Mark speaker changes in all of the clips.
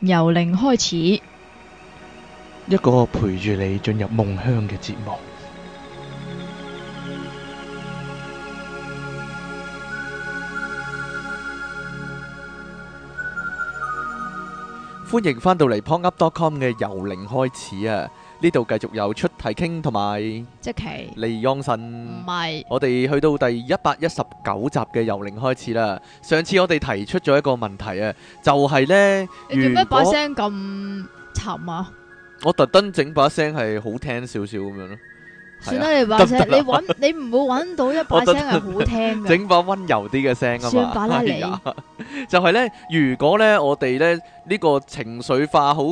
Speaker 1: 由零開始，
Speaker 2: 一個陪住你進入夢鄉嘅節目。歡迎返到嚟 pongup.com 嘅由零開始啊！呢度繼續由出題傾同埋即琪利昂信，我哋去到第一百一十九集嘅由零開始啦。上次我哋提出咗一個問題啊，就係咧，點解把聲
Speaker 1: 咁沉啊，
Speaker 2: 我特登整把聲係好聽少少咁樣咯。算啦，你把聲，你揾
Speaker 1: 你唔會揾到一把聲係好聽嘅。整
Speaker 2: 把溫柔啲嘅聲啊嘛，就係咧，如果咧，我哋咧呢個情緒化好。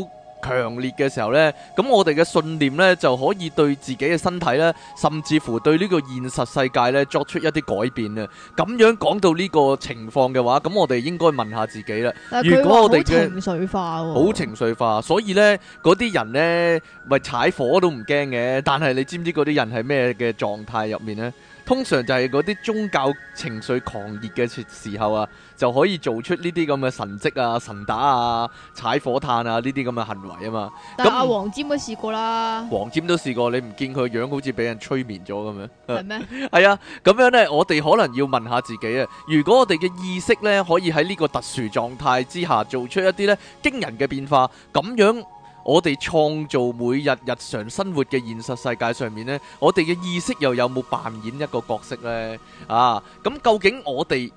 Speaker 2: 強烈嘅時候呢，咁我哋嘅信念呢，就可以對自己嘅身體呢，甚至乎對呢個現實世界呢，作出一啲改變啊！咁樣講到呢個情況嘅話，咁我哋應該問下自己啦。是如果我哋嘅情
Speaker 1: 緒化，哦，好
Speaker 2: 情緒化，所以呢嗰啲人呢，咪踩火都唔驚嘅。但係你知唔知嗰啲人喺咩嘅狀態入面呢？通常就係嗰啲宗教情緒狂熱嘅時候啊，就可以做出呢啲咁嘅神跡啊、神打啊、踩火炭啊呢啲咁嘅行為啊嘛。
Speaker 1: 但阿、啊、黃占都試過啦，黃
Speaker 2: 占都試過，你唔見佢個樣好似俾人催眠咗咁樣？係咩嗎？係 啊，咁樣咧，我哋可能要問下自己啊，如果我哋嘅意識咧可以喺呢個特殊狀態之下做出一啲咧驚人嘅變化，咁樣。我哋創造每日日常生活嘅現實世界上面呢，我哋嘅意識又有冇扮演一個角色呢？啊，咁究竟我哋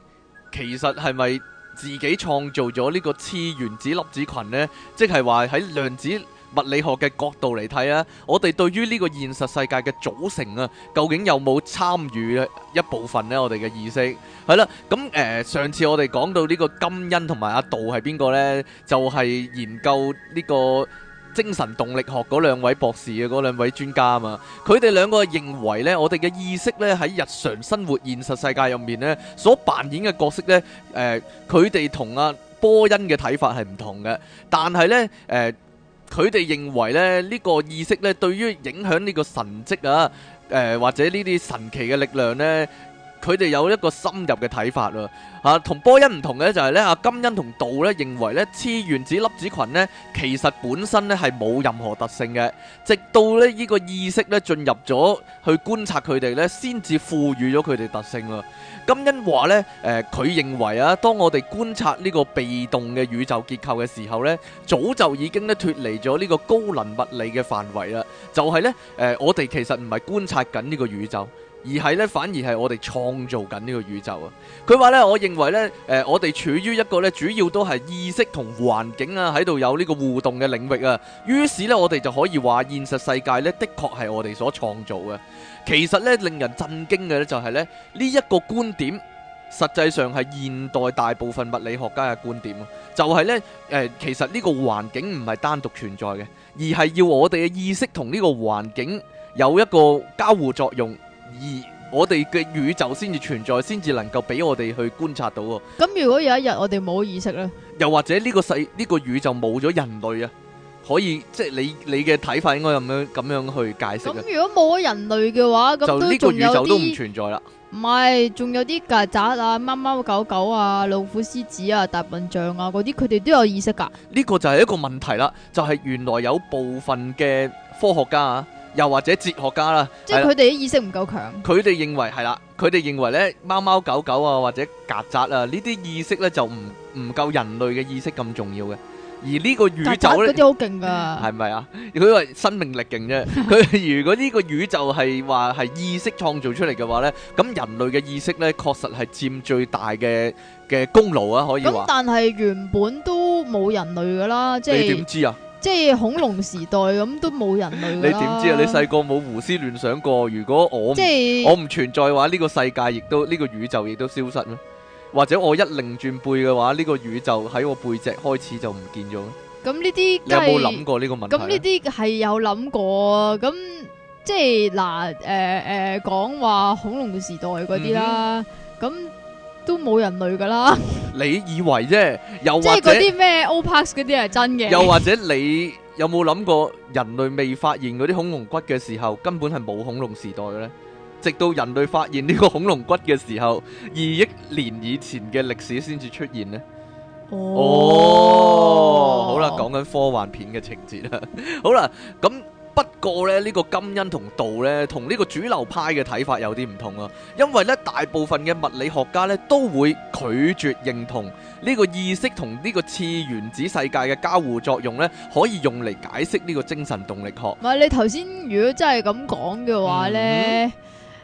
Speaker 2: 其實係咪自己創造咗呢個次原子粒子群呢？即係話喺量子物理學嘅角度嚟睇啊，我哋對於呢個現實世界嘅組成啊，究竟有冇參與一部分呢？我哋嘅意識係啦，咁誒、呃、上次我哋講到呢個金恩同埋阿杜係邊個呢？就係、是、研究呢、呢個。精神動力學嗰兩位博士嘅嗰兩位專家啊嘛，佢哋兩個認為呢，我哋嘅意識呢，喺日常生活現實世界入面呢，所扮演嘅角色是呢，誒佢哋同阿波恩嘅睇法係唔同嘅，但係呢，誒佢哋認為呢，呢個意識呢，對於影響呢個神跡啊誒、呃、或者呢啲神奇嘅力量呢。佢哋有一個深入嘅睇法咯，啊，同波恩唔同嘅就係咧，阿金恩同道咧認為咧，次原子粒子群咧，其實本身咧係冇任何特性嘅，直到咧呢個意識咧進入咗去觀察佢哋咧，先至賦予咗佢哋特性咯。金恩話咧，誒，佢認為啊，當我哋觀察呢個被動嘅宇宙結構嘅時候咧，早就已經咧脱離咗呢個高能物理嘅範圍啦，就係咧，誒，我哋其實唔係觀察緊呢個宇宙。而係咧，反而係我哋創造緊呢個宇宙啊！佢話咧，我認為咧，誒、呃，我哋處於一個咧，主要都係意識同環境啊，喺度有呢個互動嘅領域啊。於是咧，我哋就可以話現實世界咧，的確係我哋所創造嘅。其實咧，令人震驚嘅咧，就係咧呢一個觀點，實際上係現代大部分物理學家嘅觀點，就係咧誒，其實呢個環境唔係單獨存在嘅，而係要我哋嘅意識同呢個環境有一個交互作用。而我哋嘅宇宙先至存在，先至能夠俾我哋去觀察到。
Speaker 1: 咁如果有一日我哋冇意識咧，
Speaker 2: 又或者呢個世呢個宇宙冇咗人類啊，可以即係你你嘅睇法應該咁樣咁樣去解釋。咁如
Speaker 1: 果冇咗人類嘅話，咁呢個宇宙都唔存在啦。唔係，仲有啲曱甴啊、貓貓狗狗啊、老虎、獅子啊、大笨象啊嗰啲，佢哋都有意識噶。呢個
Speaker 2: 就係一個問題啦，就係原來有部分嘅科學家啊。又或者哲學家啦，即係佢哋嘅
Speaker 1: 意識唔夠強。佢
Speaker 2: 哋認為係啦，佢哋認為咧貓貓狗狗啊或者曱甴啊呢啲意識咧就唔唔夠人類嘅意識咁重要嘅。而呢個宇宙咧，啲好
Speaker 1: 勁噶，係
Speaker 2: 咪啊？佢話生命力勁啫。佢如果呢個宇宙係話係意識創造出嚟嘅話咧，咁人類嘅意識咧確實係佔最大嘅嘅功勞啊，可以話。咁但
Speaker 1: 係原本都冇人類噶啦，即係。你點知啊？即係恐龍時代咁 都冇人去啦。你點知啊？你
Speaker 2: 細個冇胡思亂想過，如果我唔即係我唔存在嘅話，呢個世界亦都呢個宇宙亦都消失咧。或者我一擰轉背嘅話，呢個宇宙喺我背脊開始就唔見咗咧。
Speaker 1: 咁呢啲有冇諗過呢個問題？咁呢啲係有諗過啊。咁即係嗱，誒、呃、誒，講、呃、話恐龍嘅時代嗰啲啦，咁、嗯哼。都冇人類噶啦！
Speaker 2: 你以為啫？又或者即係
Speaker 1: 嗰啲咩 Opus 嗰啲係真嘅？又或者
Speaker 2: 你有冇諗過人類未發現嗰啲恐龍骨嘅時候，根本係冇恐龍時代嘅咧？直到人類發現呢個恐龍骨嘅時候，二億年以前嘅歷史先至出現咧。哦，好啦，講緊科幻片嘅情節啦。好啦，咁。不過咧，呢個金恩同道呢，同呢個主流派嘅睇法有啲唔同啊，因為呢，大部分嘅物理學家呢，都會拒絕認同呢個意識同呢個次原子世界嘅交互作用呢，可以用嚟解釋呢個精神動力學。
Speaker 1: 唔係，你頭先如果真係咁講嘅話呢，嗯、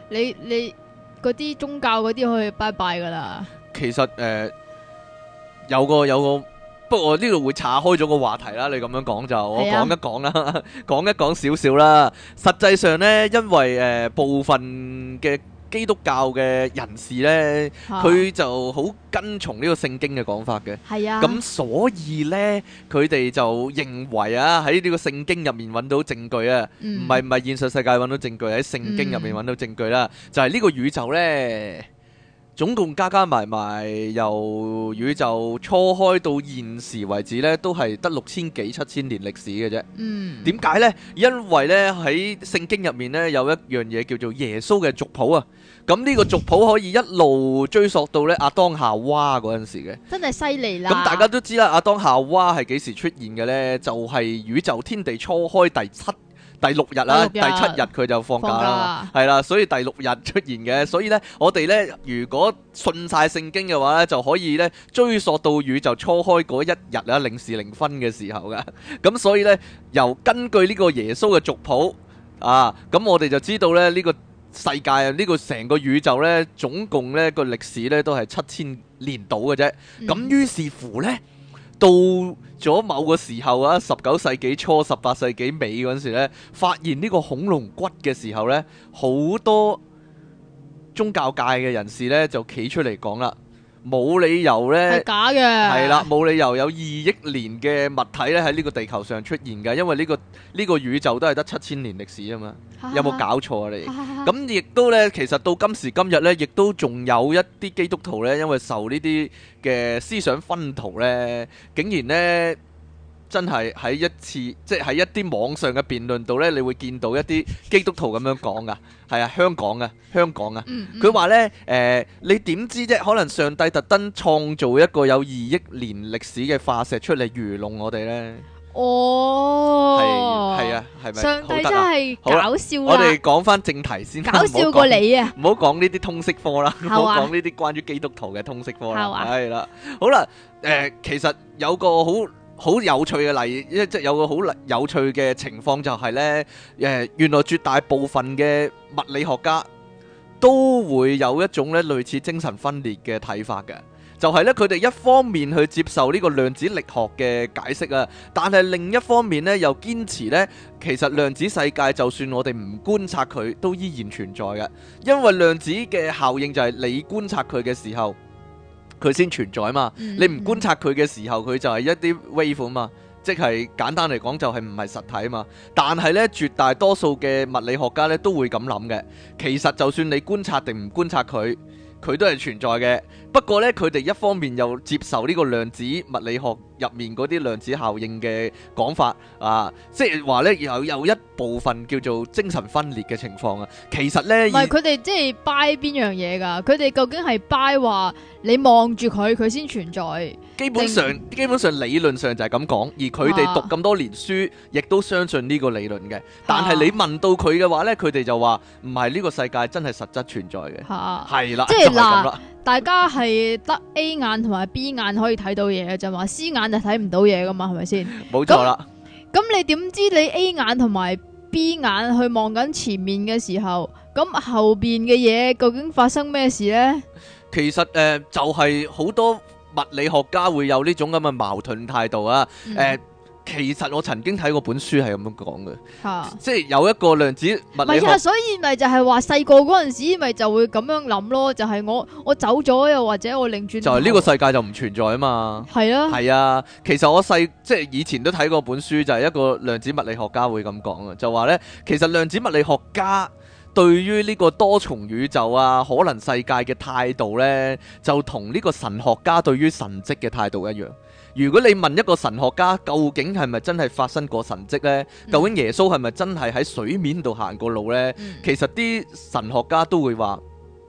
Speaker 1: 你你嗰啲宗教嗰啲可以拜拜㗎喇。
Speaker 2: 其實誒、呃，有個有個。不過我呢度會岔開咗個話題啦，你咁樣講就我講一講啦，講是、啊、 一講少少啦。實際上呢，因為誒、呃、部分嘅基督教嘅人士呢，佢、啊、就好跟從呢個聖經嘅講法嘅。係咁是、啊、所以呢，佢哋就認為啊，喺呢個聖經入面揾到證據啊，唔係唔係現實世界揾到證據，喺聖經入面揾到證據啦。嗯、就係呢個宇宙呢。總共加加埋埋由宇宙初開到現時為止咧，都係得六千幾七千年歷史嘅啫。嗯，點解呢？因為咧喺聖經入面咧有一樣嘢叫做耶穌嘅族譜啊。咁呢個族譜可以一路追溯到咧亞當夏娃嗰陣時嘅。
Speaker 1: 真係犀利啦！咁大
Speaker 2: 家都知啦，亞當夏娃係幾時出現嘅呢？就係宇宙天地初開第七。第六日啦、啊，第，日第七日佢就放假啦，係啦假，所以第六日出現嘅，所以呢，我哋呢，如果信晒聖經嘅話呢就可以呢追溯到宇宙初開嗰一日啊零時零分嘅時候㗎，咁、 嗯、所以呢，由根據呢個耶穌嘅族譜啊，咁我哋就知道呢，呢、呢個世界啊呢、呢個成個宇宙呢，總共呢個歷史呢，都係七千年到嘅啫，咁、嗯、於是乎呢。到咗某個時候啊，十九世紀初、十八世紀尾陣時咧，發現呢個恐龍骨嘅時候咧，好多宗教界嘅人士咧就企出嚟講啦。冇理由呢？係假嘅，係啦，冇理由有二億年嘅物體咧喺呢個地球上出現㗎，因為呢個呢個宇宙都係得七千年歷史啊嘛，哈哈有冇搞錯啊你？咁亦哈都呢，其實到今時今日呢，亦都仲有一啲基督徒呢，因為受呢啲嘅思想薰陶呢，竟然呢。真係喺一次，即係喺一啲網上嘅辯論度呢，你會見到一啲基督徒咁樣講噶，係啊， 香港啊，香港啊，佢話、嗯嗯、呢，誒、呃，你點知啫？可能上帝特登創造一個有二億年歷史嘅化石出嚟愚弄我哋呢？
Speaker 1: 哦，係啊，係咪？上帝真係搞笑！我哋
Speaker 2: 講翻正題先，搞笑過你啊！唔好講呢啲通識科啦，唔好講呢啲關於基督徒嘅通識科啦，係啦，好啦，誒、呃，嗯、其實有個好。好有趣嘅例，即係有個好有趣嘅情況就係咧，誒，原來絕大部分嘅物理學家都會有一種咧類似精神分裂嘅睇法嘅，就係咧佢哋一方面去接受呢個量子力學嘅解釋啊，但係另一方面咧又堅持咧，其實量子世界就算我哋唔觀察佢，都依然存在嘅，因為量子嘅效應就係你觀察佢嘅時候。佢先存在嘛，你唔觀察佢嘅時候，佢就係一啲 wave 嘛，即係簡單嚟講就係唔係實體嘛。但係呢，絕大多數嘅物理學家呢，都會咁諗嘅。其實就算你觀察定唔觀察佢，佢都係存在嘅。不過咧，佢哋一方面又接受呢個量子物理學入面嗰啲量子效應嘅講法啊，即係話咧有，有一部分叫做精神分裂嘅情況啊。其實咧，唔係佢
Speaker 1: 哋即係拜邊樣嘢噶，佢哋以究竟係拜話你望住佢，佢先存在。基本上，
Speaker 2: 是基本上理論上就係咁講，而佢哋讀咁多年書，亦、啊、都相信呢個理論嘅。但係你問到佢嘅話咧，佢哋就話唔係呢個世界真係實質存在嘅，係、啊、啦，就係咁啦。
Speaker 1: 大家係得 A 眼同埋 B 眼可以睇到嘢就話 C 眼就睇唔到嘢噶嘛，係咪先？冇錯啦。咁你點知你 A 眼同埋 B 眼去望緊前面嘅時候，咁後邊嘅嘢究竟發生咩事呢？
Speaker 2: 其實誒、呃，就係、是、好多物理學家會有呢種咁嘅矛盾態度啊，誒、呃。嗯其實我曾經睇過本書係咁樣講嘅，啊、即係有一個量子物理學。唔係啊，所
Speaker 1: 以咪就係話細個嗰陣時咪就會咁樣諗咯，就係、是、我我走咗又或者我擰轉，就係呢個世
Speaker 2: 界就唔存在啊嘛。係係啊，啊，其實我細即係以前都睇過本書，就係、是、一個量子物理學家會咁講嘅，就話咧，其實量子物理學家對於呢個多重宇宙啊、可能世界嘅態度咧，就同呢個神學家對於神蹟嘅態度一樣。如果你問一個神學家究竟係咪真係發生過神蹟呢？究竟耶穌係咪真係喺水面度行過路呢？其實啲神學家都會話，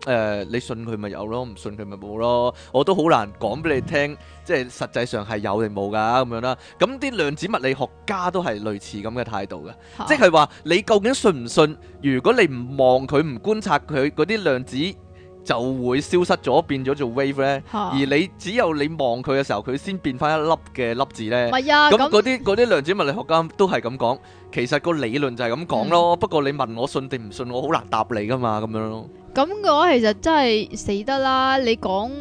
Speaker 2: 誒、呃，你信佢咪有咯，唔信佢咪冇咯。我都好難講俾你聽，即係實際上係有定冇噶咁樣啦。咁啲量子物理學家都係類似咁嘅態度嘅，啊、即係話你究竟信唔信？如果你唔望佢唔觀察佢嗰啲量子，就會消失咗，變咗做 wave 咧。而你只有你望佢嘅時候，佢先變翻一粒嘅粒子咧。唔係啊，咁嗰啲嗰啲量子物理學家都係咁講，其實個理論就係咁講咯。不過你問我信定唔信，我好難答你噶嘛，咁樣咯。
Speaker 1: 咁嘅話其實真係死得啦！你講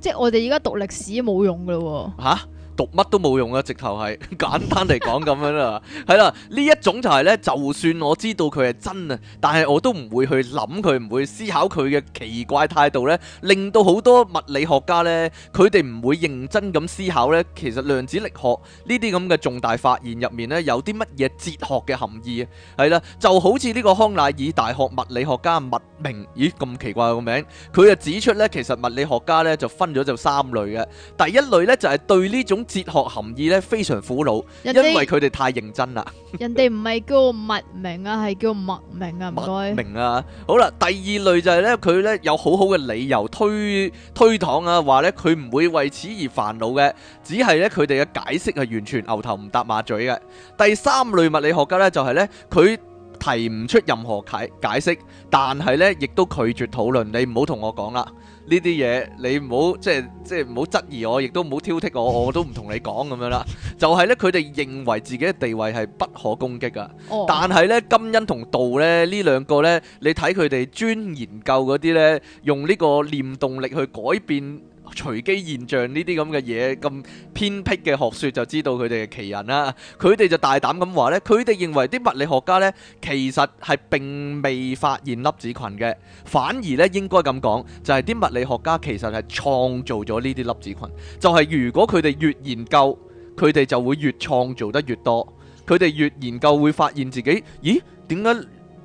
Speaker 1: 即係我哋而家讀歷史冇用噶咯喎。
Speaker 2: 嚇！讀乜都冇用啊！直頭係簡單嚟講咁樣啦，係啦，呢一種就係咧，就算我知道佢係真啊，但係我都唔會去諗佢，唔會思考佢嘅奇怪態度咧，令到好多物理學家咧，佢哋唔會認真咁思考咧。其實量子力學呢啲咁嘅重大發現入面咧，有啲乜嘢哲學嘅含義啊？係啦，就好似呢個康乃爾大學物理學家麥明，咦咁奇怪個名，佢就指出咧，其實物理學家咧就分咗就三類嘅，第一類咧就係對呢種。哲學含義咧非常苦惱，因為佢哋太認真啦。
Speaker 1: 人哋唔係叫莫名啊，係叫默名啊，唔該明
Speaker 2: 啊。好啦，第二類就係咧，佢咧有很好好嘅理由推推搪啊，話咧佢唔會為此而煩惱嘅，只係咧佢哋嘅解釋係完全牛頭唔搭馬嘴嘅。第三類物理學家咧就係咧，佢提唔出任何解解釋，但係咧亦都拒絕討論。你唔好同我講啦。呢啲嘢你唔好即係即係唔好質疑我，亦都唔好挑剔我，我都唔同你講咁樣啦。就係呢，佢哋認為自己嘅地位係不可攻擊㗎。Oh. 但係呢，金恩同道咧呢兩個呢，你睇佢哋專研究嗰啲呢，用呢個念動力去改變隨機現象呢啲咁嘅嘢，咁偏僻嘅學説就知道佢哋係奇人啦。佢哋就大膽咁話呢，佢哋認為啲物理學家呢，其實係並未發現粒子群嘅，反而呢，應該咁講，就係啲物理學家其實係創造咗呢啲粒子群。就係如果佢哋越研究，佢哋就會越創造得越多。佢哋越研究會發現自己，咦？點解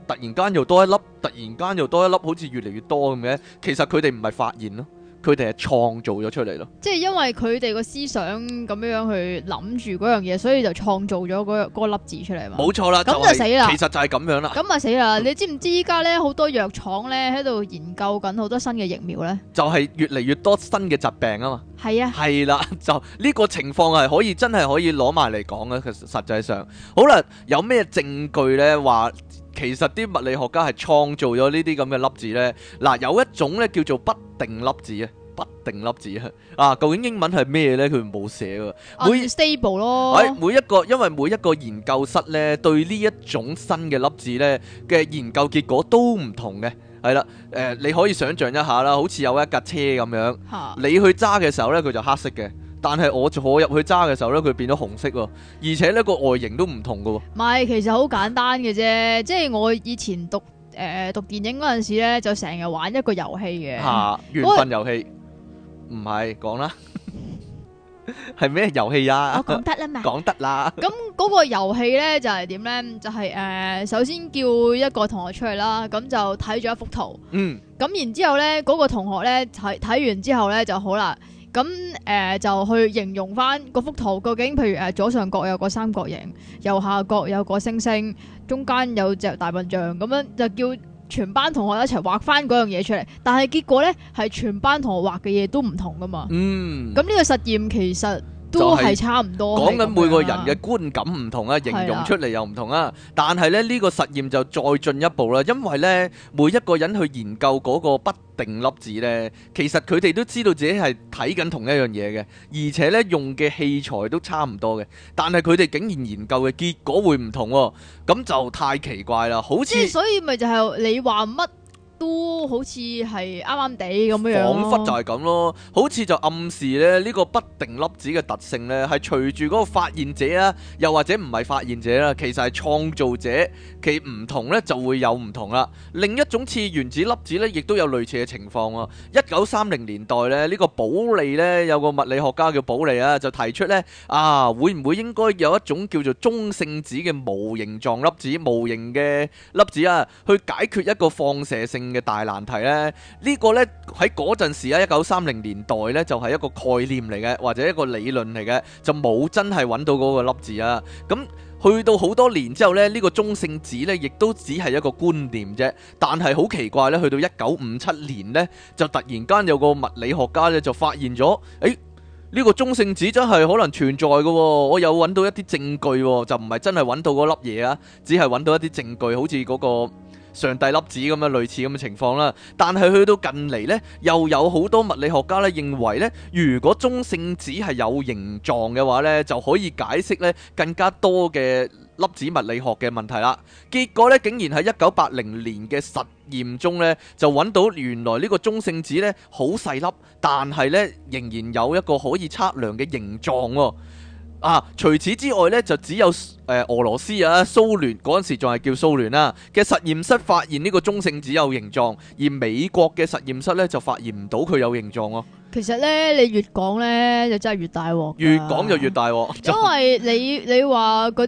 Speaker 2: 突然間又多一粒，突然間又多一粒，好似越嚟越多咁嘅？其實佢哋唔係發現咯。佢哋係創造咗出嚟咯，
Speaker 1: 即係因為佢哋個思想咁樣樣去諗住嗰樣嘢，所以就創造咗嗰、嗰個粒子出嚟嘛。冇錯啦，咁、就係、就死啦。其實
Speaker 2: 就係咁樣啦，咁
Speaker 1: 咪死啦。你知唔知依家咧好多藥廠咧喺度研究緊好多新嘅疫苗咧？
Speaker 2: 就係越嚟越多新嘅疾病嘛是啊嘛。係啊，係啦，就呢、呢個情況係可以真係可以攞埋嚟講嘅。其實實際上，好啦，有咩證據咧話？其實啲物理學家係創造咗呢啲咁嘅粒子咧，嗱有一種咧叫做不定粒子啊，不定粒子啊，啊究竟英文係咩咧？佢冇寫喎。唔
Speaker 1: stable 咯，
Speaker 2: 每一個，因為每一個研究室咧對呢一種新嘅粒子咧嘅研究結果都唔同嘅，係啦，誒你可以想象一下啦，好似有一架車咁樣，你去揸嘅時候咧佢就黑色嘅。但係我坐入去揸嘅時候咧，佢變咗紅色喎，而且咧個外形都唔同噶喎。
Speaker 1: 唔係，其實好簡單嘅啫，即係我以前讀誒讀電影嗰陣時咧，就成日玩一個遊戲嘅。吓，緣分
Speaker 2: 遊戲？唔係，講啦，係咩遊戲呀？我講得啦嘛，講得啦。
Speaker 1: 咁嗰個遊戲咧就係點咧？就係誒，首先叫一個同學出去啦，咁就睇咗一幅圖。嗯。咁然之後咧，嗰個同學咧睇睇完之後咧就好啦。咁誒、呃、就去形容翻嗰幅圖究竟，譬如誒左上角有個三角形，右下角有個星星，中間有隻大笨象咁樣，就叫全班同學一齊畫翻嗰樣嘢出嚟。但係結果呢，係全班同學畫嘅嘢都唔同噶嘛。嗯，咁呢個實驗其實，都係差唔多，講緊每
Speaker 2: 個人嘅觀感唔同啊，形容出嚟又唔同啊。但係咧呢個實驗就再進一步啦，因為呢每一個人去研究嗰個不定粒子呢，其實佢哋都知道自己係睇緊同一樣嘢嘅，而且呢用嘅器材都差唔多嘅。但係佢哋竟然研究嘅結果會唔同，啊，咁就太奇怪啦！好似即係所
Speaker 1: 以咪就係你話乜？都好似係啱啱地咁樣樣咯，仿佛
Speaker 2: 就係咁咯，好似就暗示咧呢個不定粒子嘅特性咧，係隨住嗰個發現者啊，又或者唔係發現者啦，其實係創造者，其唔同咧就會有唔同啦。另一種次原子粒子咧，亦都有類似嘅情況喎。一九三零年代咧，呢個保利咧，有個物理學家叫保利啊，就提出咧啊，會唔會應該有一種叫做中性子嘅無形狀粒子，無形嘅粒子啊，去解決一個放射性嘅大難題呢，呢、這個呢，喺嗰陣時呢，一九三零年代呢，就係、是、一個概念嚟嘅，或者一個理論嚟嘅，就冇真係揾到嗰個粒字啊。咁去到好多年之後呢，呢、這個中性子呢，亦都只係一個觀念啫。但係好奇怪呢，去到一九五七年呢，就突然間有個物理學家呢，就發現咗，誒、欸，呢、這個中性子真係可能存在嘅，我有揾到一啲證據、哦，就唔係真係揾到嗰粒嘢啊，只係揾到一啲證據，好似嗰、那個。上帝粒子咁樣類似咁嘅情況啦，但係去到近嚟呢，又有好多物理學家咧認為呢，如果中性子係有形狀嘅話呢，就可以解釋呢更加多嘅粒子物理學嘅問題啦。結果呢，竟然喺一九八零年嘅實驗中呢，就揾到原來呢個中性子呢好細粒，但係呢仍然有一個可以測量嘅形狀喎。啊！除此之外咧，就只有誒、呃、俄羅斯啊，蘇聯嗰陣時仲係叫蘇聯啦嘅實驗室發現呢個中性子有形狀，而美國嘅實驗室咧就發現唔到佢有形狀咯、哦。
Speaker 1: 其實咧，你越講咧，就真係越大鑊。
Speaker 2: 越講就越大鑊，因為
Speaker 1: 你你話嗰啲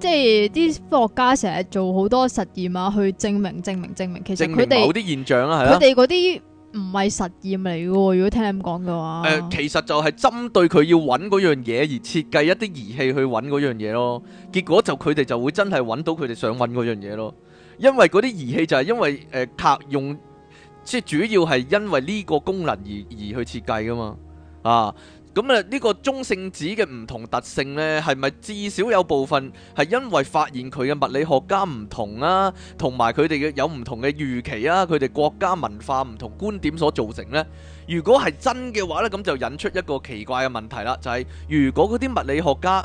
Speaker 1: 即係啲科學家成日做好多實驗啊，去證明證明證明，其實佢哋有啲現
Speaker 2: 象啦，係啦，佢哋
Speaker 1: 嗰啲。唔係實驗嚟喎，如果聽你咁講嘅話，呃，
Speaker 2: 其實就係針對佢要揾嗰樣嘢而設計一啲儀器去揾嗰樣嘢咯。結果就佢哋就會真係揾到佢哋想揾嗰樣嘢咯。因為嗰啲儀器就係因為誒、呃、用，即係主要係因為呢個功能而而去設計噶嘛，啊。咁啊，呢個中性子嘅唔同特性呢，係咪至少有部分係因為發現佢嘅物理學家唔同啊，同埋佢哋嘅有唔同嘅預期啊，佢哋國家文化唔同觀點所造成呢？如果係真嘅話呢，咁就引出一個奇怪嘅問題啦，就係、係、如果嗰啲物理學家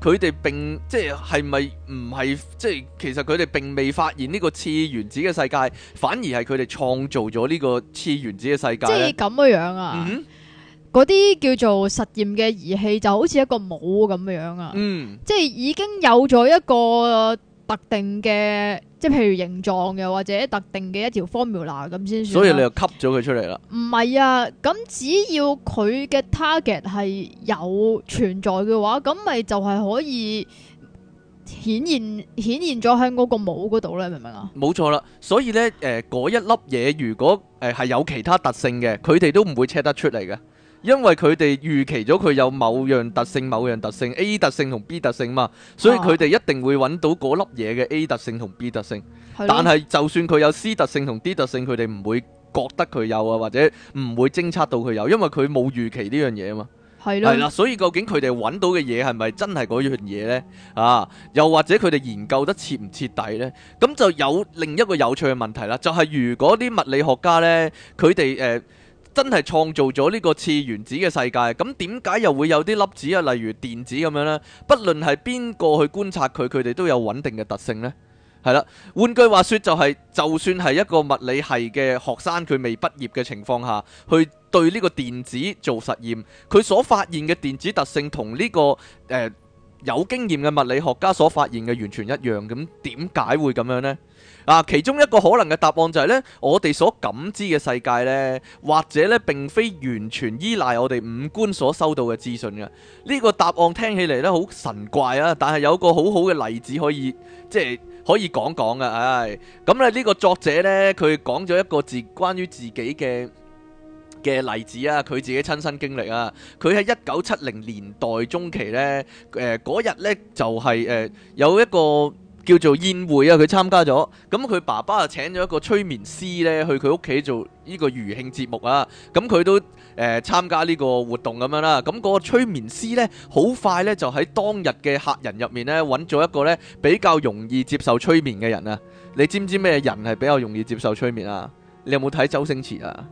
Speaker 2: 佢哋並即係係咪唔係即係其實佢哋並未發現呢個次原子嘅世界，反而係佢哋創造咗呢個次原子嘅世界即係
Speaker 1: 咁樣呀、啊。嗯。嗰啲叫做實驗嘅儀器就好似一個帽咁樣啊，嗯、即係已經有咗一個特定嘅，即係譬如形狀嘅或者特定嘅一條 formula 咁先算所、啊。所以你又
Speaker 2: 吸咗佢出嚟啦？
Speaker 1: 唔係啊，咁只要佢嘅 target 係有存在嘅話，咁咪就係可以顯現顯現咗喺嗰個帽嗰度咧，明唔明啊？
Speaker 2: 冇錯啦，所以咧，誒，嗰一粒嘢如果誒係、呃、有其他特性嘅，佢哋都唔會 check 得出嚟嘅。因為佢哋預期咗佢有某樣特性、某樣特性 A 特性同 B 特性嘛，所以佢哋一定會揾到嗰粒嘢嘅 A 特性同 B 特性。但係就算佢有 C 特性同 D 特性，佢哋唔會覺得佢有啊，或者唔會偵測到佢有，因為佢冇預期呢樣嘢啊嘛。
Speaker 1: 係咯，係啦，
Speaker 2: 所以究竟佢哋揾到嘅嘢係咪真係嗰樣嘢呢？啊，又或者佢哋研究得徹唔徹底呢？咁就有另一個有趣嘅問題啦，就係如果啲物理學家呢，佢哋誒。真係創造咗呢個次原子嘅世界，咁點解又會有啲粒子啊？例如電子咁樣呢？不論係邊個去觀察佢，佢哋都有穩定嘅特性呢？係啦，換句話說，就係，就係就算係一個物理系嘅學生，佢未畢業嘅情況下去對呢個電子做實驗，佢所發現嘅電子特性同呢、呢個、呃、有經驗嘅物理學家所發現嘅完全一樣，咁點解會咁樣呢？啊，其中一個可能嘅答案就係呢：我哋所感知嘅世界呢，或者呢，並非完全依賴我哋五官所收到嘅資訊嘅。呢個答案聽起嚟呢，好神怪啊，但係有一個好好嘅例子可以即係可以講講嘅。唉、哎，咁咧呢個作者呢，佢講咗一個自關於自己嘅嘅例子啊，佢自己親身經歷啊，佢喺一九七零年代中期呢，誒嗰日呢，就係、是、誒、呃、有一個，叫做宴會啊，佢參加咗。咁佢爸爸就請咗一個催眠師咧，去佢屋企做呢個餘興節目啊。咁佢都誒參加呢個活動咁樣啦、啊。咁、那、嗰個催眠師咧，好快咧就喺當日嘅客人入面咧揾咗一個咧比較容易接受催眠嘅人啊。你知唔知咩人係比較容易接受催眠啊？你有冇睇周星馳啊？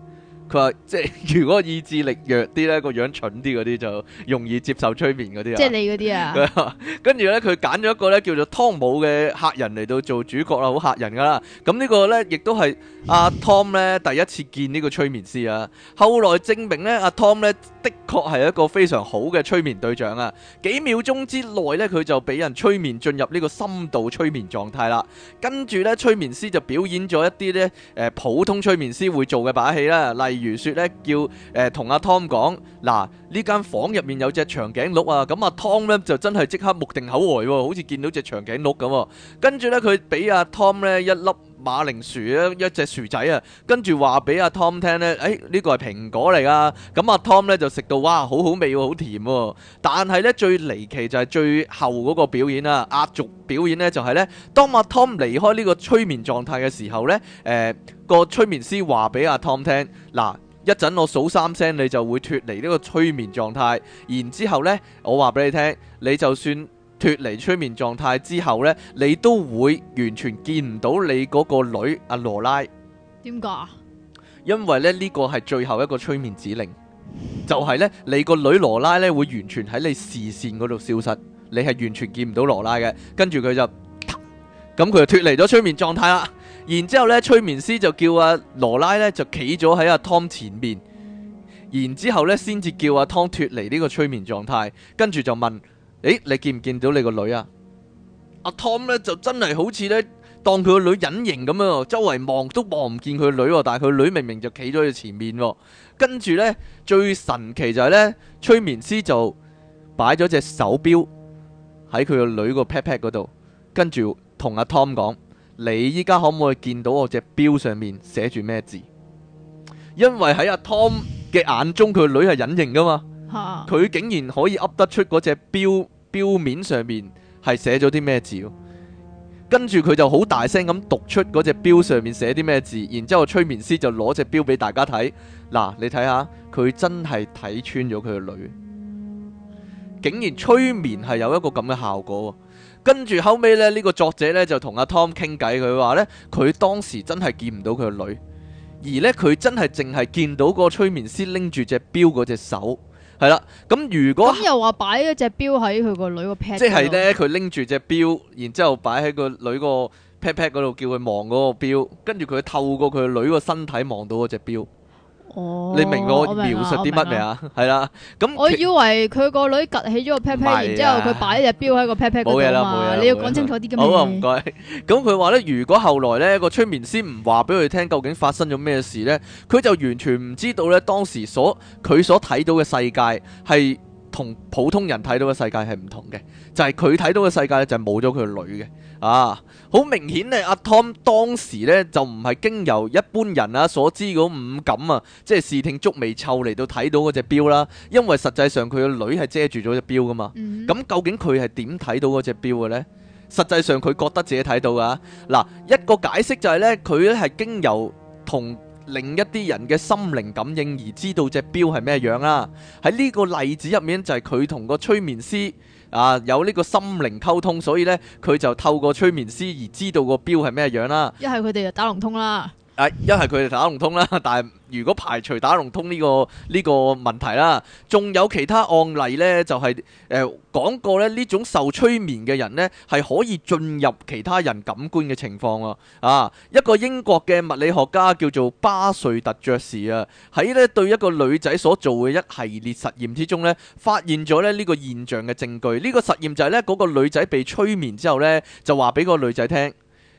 Speaker 2: 佢話即係如果意志力弱啲呢，個樣蠢啲嗰啲就容易接受催眠嗰啲啊。即係你嗰啲啊。跟住呢，佢揀咗一個呢叫做湯姆嘅客人嚟到做主角啦，好嚇人噶啦。咁呢個呢，亦都係阿湯呢第一次見呢個催眠師啊。後來證明呢，阿、啊、湯呢，的確係一個非常好嘅催眠對象啊。幾秒鐘之內呢，佢就俾人催眠進入呢個深度催眠狀態啦。跟住呢，催眠師就表演咗一啲呢誒、呃、普通催眠師會做嘅把戲啦，例譬如說咧，叫同阿、呃、Tom 講，嗱，呢間房入面有隻長頸鹿啊，咁阿 Tom 咧就真係即刻目定口呆喎，好似見到隻長頸鹿咁，啊。跟住咧，佢俾阿 Tom 咧一粒。馬鈴薯一隻隻薯仔啊，跟住話俾阿 Tom 聽咧，誒、哎、呢、呢個係蘋果嚟噶，咁阿 Tom 呢就食到哇，好好味喎，好甜喎，但係呢，最離奇就係最後嗰個表演啦，壓軸表演呢就係、係、呢，當阿 Tom 離開呢個催眠狀態嘅時候呢，誒、呃，個催眠師話俾阿 Tom 聽、啊，嗱一陣我數三聲，你就會脫離呢個催眠狀態，然之後呢我話俾你聽，你就算，脫離催眠狀態之後呢，你都會完全見唔到你嗰個女阿羅拉。
Speaker 1: 點解麼？
Speaker 2: 因為咧，呢個係最後一個催眠指令，就係呢，你個女羅拉呢會完全喺你視線嗰度消失，你係完全見唔到羅拉嘅。跟住佢就咁，佢 就脫離咗催眠狀態啦。然之後咧，催眠師就叫阿羅拉呢就企咗喺阿湯前面，然之後咧先至叫阿湯脫離呢個催眠狀態，跟住就問。誒，你見唔見到你個女啊？阿 Tom 咧就真係好似咧當佢個女隱形咁樣，周圍望都望唔見佢女，但係佢女明明就企咗喺前面。跟住呢，最神奇就係呢，催眠師就擺咗隻手錶喺佢個女個 pat pat 嗰度，跟住同阿 Tom 講：你依家可唔可以見到我隻錶上面寫住咩字？因為喺阿 Tom 嘅眼中，佢個女係隱形噶嘛。佢竟然可以噏得出嗰隻錶錶面上面係寫咗啲咩字咯？跟住佢就好大聲咁讀出嗰隻錶上面寫啲咩字，然之後催眠師就攞隻錶俾大家睇嗱，你睇下佢真係睇穿咗佢嘅女，竟然催眠係有一個咁嘅效果。跟住後尾呢，呢、呢個作者呢，就同阿 Tom 傾偈，佢話呢，佢當時真係見唔到佢嘅女，而呢，佢真係淨係見到個催眠師拎住隻錶嗰隻手。係啦，咁、嗯、如果咁
Speaker 1: 又話擺一隻表喺佢個女個 pat 即係咧
Speaker 2: 佢拎住隻表，然之後擺喺個女個 pat pat 嗰度，叫佢望嗰個表，跟住佢透過佢女個身體望到嗰隻表。你明白我描述啲乜未啊？係啦，咁我， 我以
Speaker 1: 為佢個女夾起咗個 pet p e 然之後佢擺一隻標喺個 pet pet 冇嘢嘛。你要講清楚啲咁嘅嘢。好啊，唔
Speaker 2: 該。咁佢話咧，如果後來咧、那個催眠師唔話俾佢聽究竟發生咗咩事咧，佢就完全唔知道咧，當時所佢所睇到嘅世界係同普通人睇到嘅世界係唔同嘅，就係佢睇到嘅世界咧就冇咗佢個女嘅。啊，好明顯咧，阿、啊、Tom 當時呢就唔係經由一般人啊所知嗰五感啊，即係視、聽、觸、味、嗅嚟到睇到嗰隻表啦。因為實際上佢個女係遮住咗隻表噶嘛。咁、嗯、究竟佢係點睇到嗰隻表嘅呢？實際上佢覺得自己睇到噶、啊。嗱、啊，一個解釋就係呢，佢咧係經由同另一啲人嘅心靈感應而知道隻表係咩樣啦、啊。喺呢個例子入面就係佢同個催眠師。啊！有呢個心靈溝通，所以咧，佢就透過催眠師而知道個標係咩樣啦。
Speaker 1: 一係佢哋就打龍通啦。
Speaker 2: 一係佢哋打龍通啦，但係如果排除打龍通呢、這個呢、這個問題啦，仲有其他案例呢，就係、是、誒、呃、講過咧呢種受催眠嘅人呢，係可以進入其他人感官嘅情況啊，啊！一個英國嘅物理學家叫做巴瑞特爵士啊，喺咧對一個女仔所做嘅一系列實驗之中呢，發現咗咧呢個現象嘅證據。呢、這個實驗就係呢嗰個女仔被催眠之後呢，就話俾個女仔聽，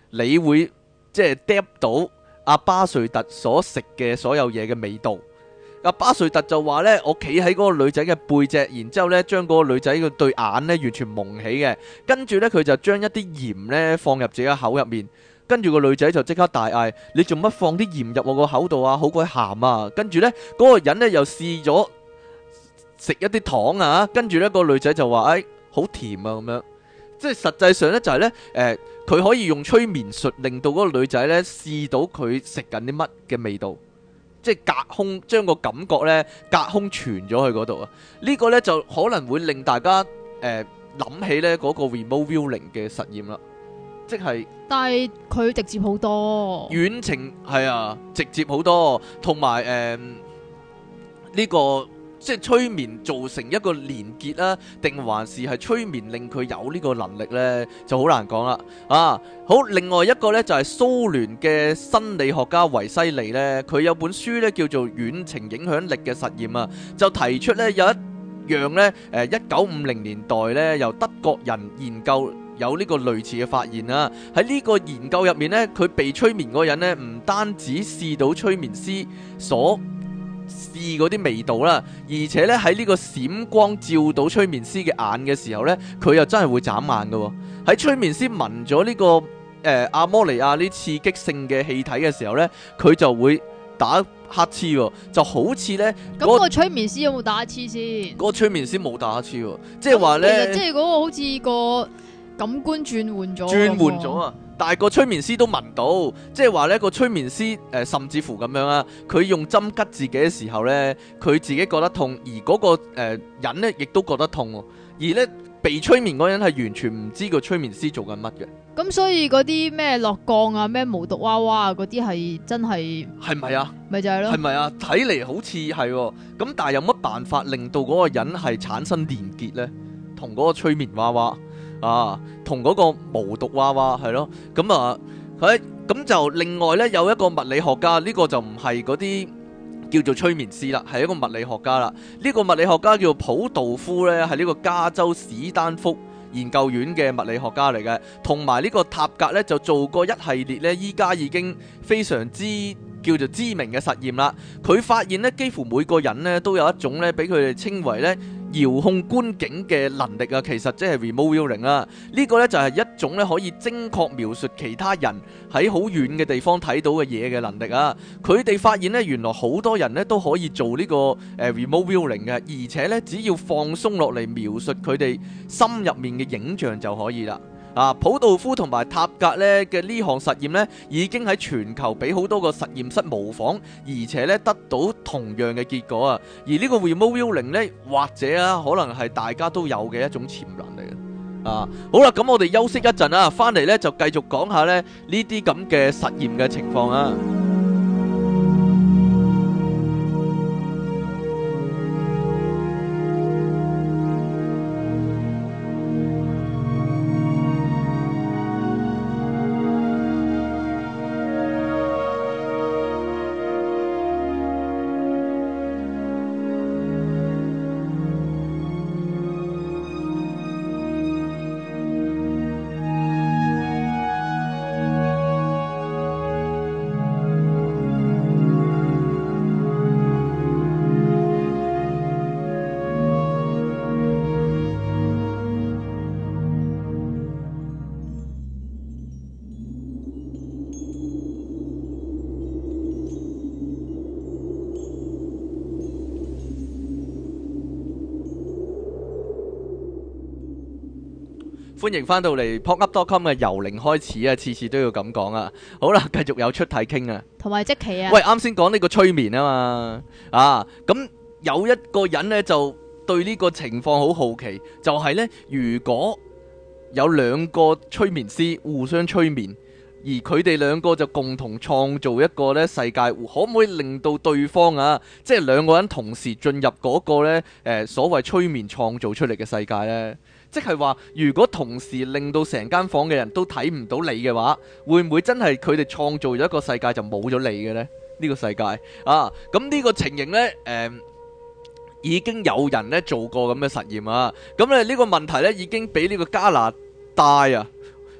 Speaker 2: 你會即係 d 到。阿巴瑞特所食嘅所有嘢嘅味道，阿巴瑞特就話呢，我企喺嗰個女仔嘅背脊，然之後咧，將嗰個女仔嘅對眼咧完全蒙起嘅，跟住呢，佢就將一啲鹽咧放入自己口入面，跟住個女仔就即刻大嗌：你做乜放啲鹽入我個口度啊？好鬼鹹啊！跟住呢，嗰、那個人咧又試咗食一啲糖啊，跟住呢，個女仔就話：哎，好甜啊！咁樣，即係實際上呢，就係、是、呢。誒、呃。佢可以用催眠術令到嗰個女仔呢，試到佢食緊啲乜嘅味道，即係隔空將個感覺呢隔空傳咗去嗰度啊！呢、呢個呢就可能會令大家誒諗、呃、起呢嗰個 remote viewing 嘅實驗啦，即係，
Speaker 1: 但係佢直接好多遠
Speaker 2: 程係啊，直接好多，同埋誒呢個。即係催眠造成一個連結啦，定還是係催眠令佢有呢個能力呢？就好難講啦。啊，好，另外一個呢，就係蘇聯嘅心理學家維西利呢，佢有本書叫做《遠程影響力嘅實驗》啊，就提出呢有一樣呢，誒，一九五零年代呢，由德國人研究有呢個類似嘅發現啊。喺呢個研究入面呢，佢被催眠嗰個人呢，唔單止試到催眠師所。試嗰啲味道啦，而且咧喺呢個閃光照到催眠師嘅眼嘅時候咧，佢又真係會眨眼噶喎。喺催眠師聞咗呢個誒、呃、阿摩尼亞呢刺激性嘅氣體嘅時候咧，佢就會打黑黐喎，就好似咧，那個。咁個催
Speaker 1: 眠師有冇打黐先？
Speaker 2: 嗰個催眠師冇打黐，即係話咧，即係
Speaker 1: 嗰個好似，那個。感官轉換咗，轉換咗啊！
Speaker 2: 但係個催眠師都聞到，即係話呢個催眠師誒、呃，甚至乎咁樣啊，佢用針拮自己嘅時候呢，佢自己覺得痛，而嗰、那個誒、呃、人呢亦都覺得痛，而呢被催眠嗰人係完全唔知個催眠師做緊乜嘅。
Speaker 1: 咁所以嗰啲咩落降啊，咩巫毒娃娃啊，嗰啲係真係
Speaker 2: 係咪啊？咪就係咯，係咪啊？睇嚟好似係、哦，咁但係有乜辦法令到嗰個人係產生連結呢？同嗰個催眠娃娃？啊，同嗰個無毒娃娃係咯，咁、嗯、啊，佢、嗯、咁就另外呢，有一個物理學家，呢個就唔係嗰啲叫做催眠師啦，係一個物理學家啦。呢個物理學家叫普道夫呢，係呢個加州史丹福研究院嘅物理學家嚟嘅，同埋呢個塔格呢，就做過一系列呢，依家已經非常之叫做知名嘅實驗啦。佢發現呢，幾乎每個人呢，都有一種呢，俾佢哋稱為呢，遙控觀景嘅能力啊，其實即係 remote viewing 啊，呢個呢，就係一種可以精確描述其他人喺好遠嘅地方睇到嘅嘢嘅能力啊。佢哋發現呢，原來好多人呢都可以做呢個誒 remote viewing 嘅，而且呢，只要放鬆落嚟描述佢哋心入面嘅影像就可以啦。嗱、啊，普道夫同埋塔格咧嘅呢項實驗呢，已經喺全球俾好多個實驗室模仿，而且咧得到同樣嘅結果啊！而呢個 remote viewing 咧，或者啊，可能係大家都有嘅一種潛能嚟嘅啊！好啦，咁我哋休息一陣啊。翻嚟呢，就繼續講下咧呢啲咁嘅實驗嘅情況啊。歡迎翻到嚟 popup.com 嘅由零開始啊，次次都要咁講啊。好啦，繼續有出體傾啊，
Speaker 1: 同埋即奇啊。喂，啱
Speaker 2: 先講呢個催眠啊嘛，啊，咁有一個人呢，就對呢個情況好好奇，就係、是、呢：如果有兩個催眠師互相催眠，而佢哋兩個就共同創造一個呢世界，可唔可以令到對方啊，即係兩個人同時進入嗰、那個呢誒、呃、所謂催眠創造出嚟嘅世界呢？即係話，如果同時令到成間房嘅人都睇唔到你嘅話，會唔會真係佢哋創造咗一個世界就冇咗你嘅呢？呢、呢個世界啊，咁呢個情形呢，誒、嗯，已經有人呢做過咁嘅實驗啊。咁咧呢個問題呢，已經俾呢個加拿大啊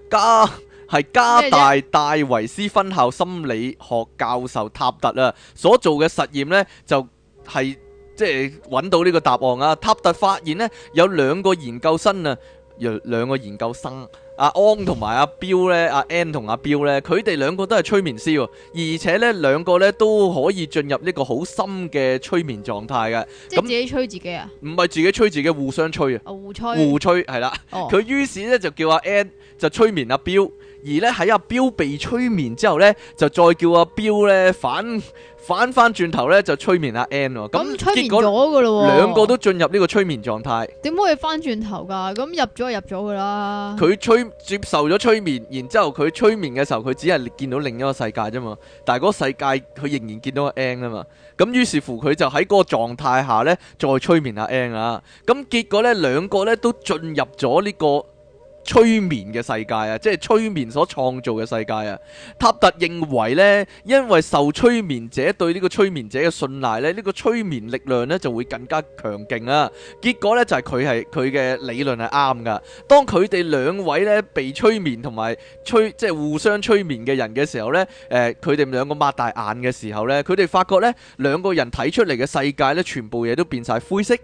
Speaker 2: 加係加大戴維斯分校心理學教授塔特啊所做嘅實驗呢，就係、是。是即係揾到呢個答案啊！塔特發現呢，有兩個研究生啊，有兩個研究生阿安同埋阿標呢，阿 N 同阿標呢，佢哋兩個都係催眠師喎，而且呢，兩個呢都可以進入一個好深嘅催眠狀態嘅。
Speaker 1: 即係自己催自己啊？
Speaker 2: 唔係自己催自己，互相催啊！
Speaker 1: 互催，互催
Speaker 2: 係啦。佢、oh. 於是呢就叫阿 N，就催眠阿標。而咧喺阿彪被催眠之後咧，就再叫阿彪咧反，反反翻轉頭咧就催眠阿 N 咯。咁結果兩個都進入呢個催眠狀態。
Speaker 1: 點可以翻轉頭噶？咁入咗就入咗噶啦。佢
Speaker 2: 催接受咗催眠，然之後佢催眠嘅時候，佢只係見到另一個世界啫嘛。但係嗰個世界佢仍然見到阿 N 啊嘛。咁於是乎佢就喺嗰個狀態下咧再催眠阿 N 啊。咁結果咧兩個咧都進入咗呢個。催眠嘅世界啊，即係催眠所創造嘅世界啊。塔特認為呢，因為受催眠者對呢個催眠者嘅信賴咧，呢、呢個催眠力量呢就會更加強勁啊。結果呢，就係佢係佢嘅理論係啱噶。當佢哋兩位呢被催眠同埋催即係互相催眠嘅人嘅時候呢，誒、呃，佢哋兩個擘大眼嘅時候呢，佢哋發覺呢，兩個人睇出嚟嘅世界呢，全部嘢都變晒灰色。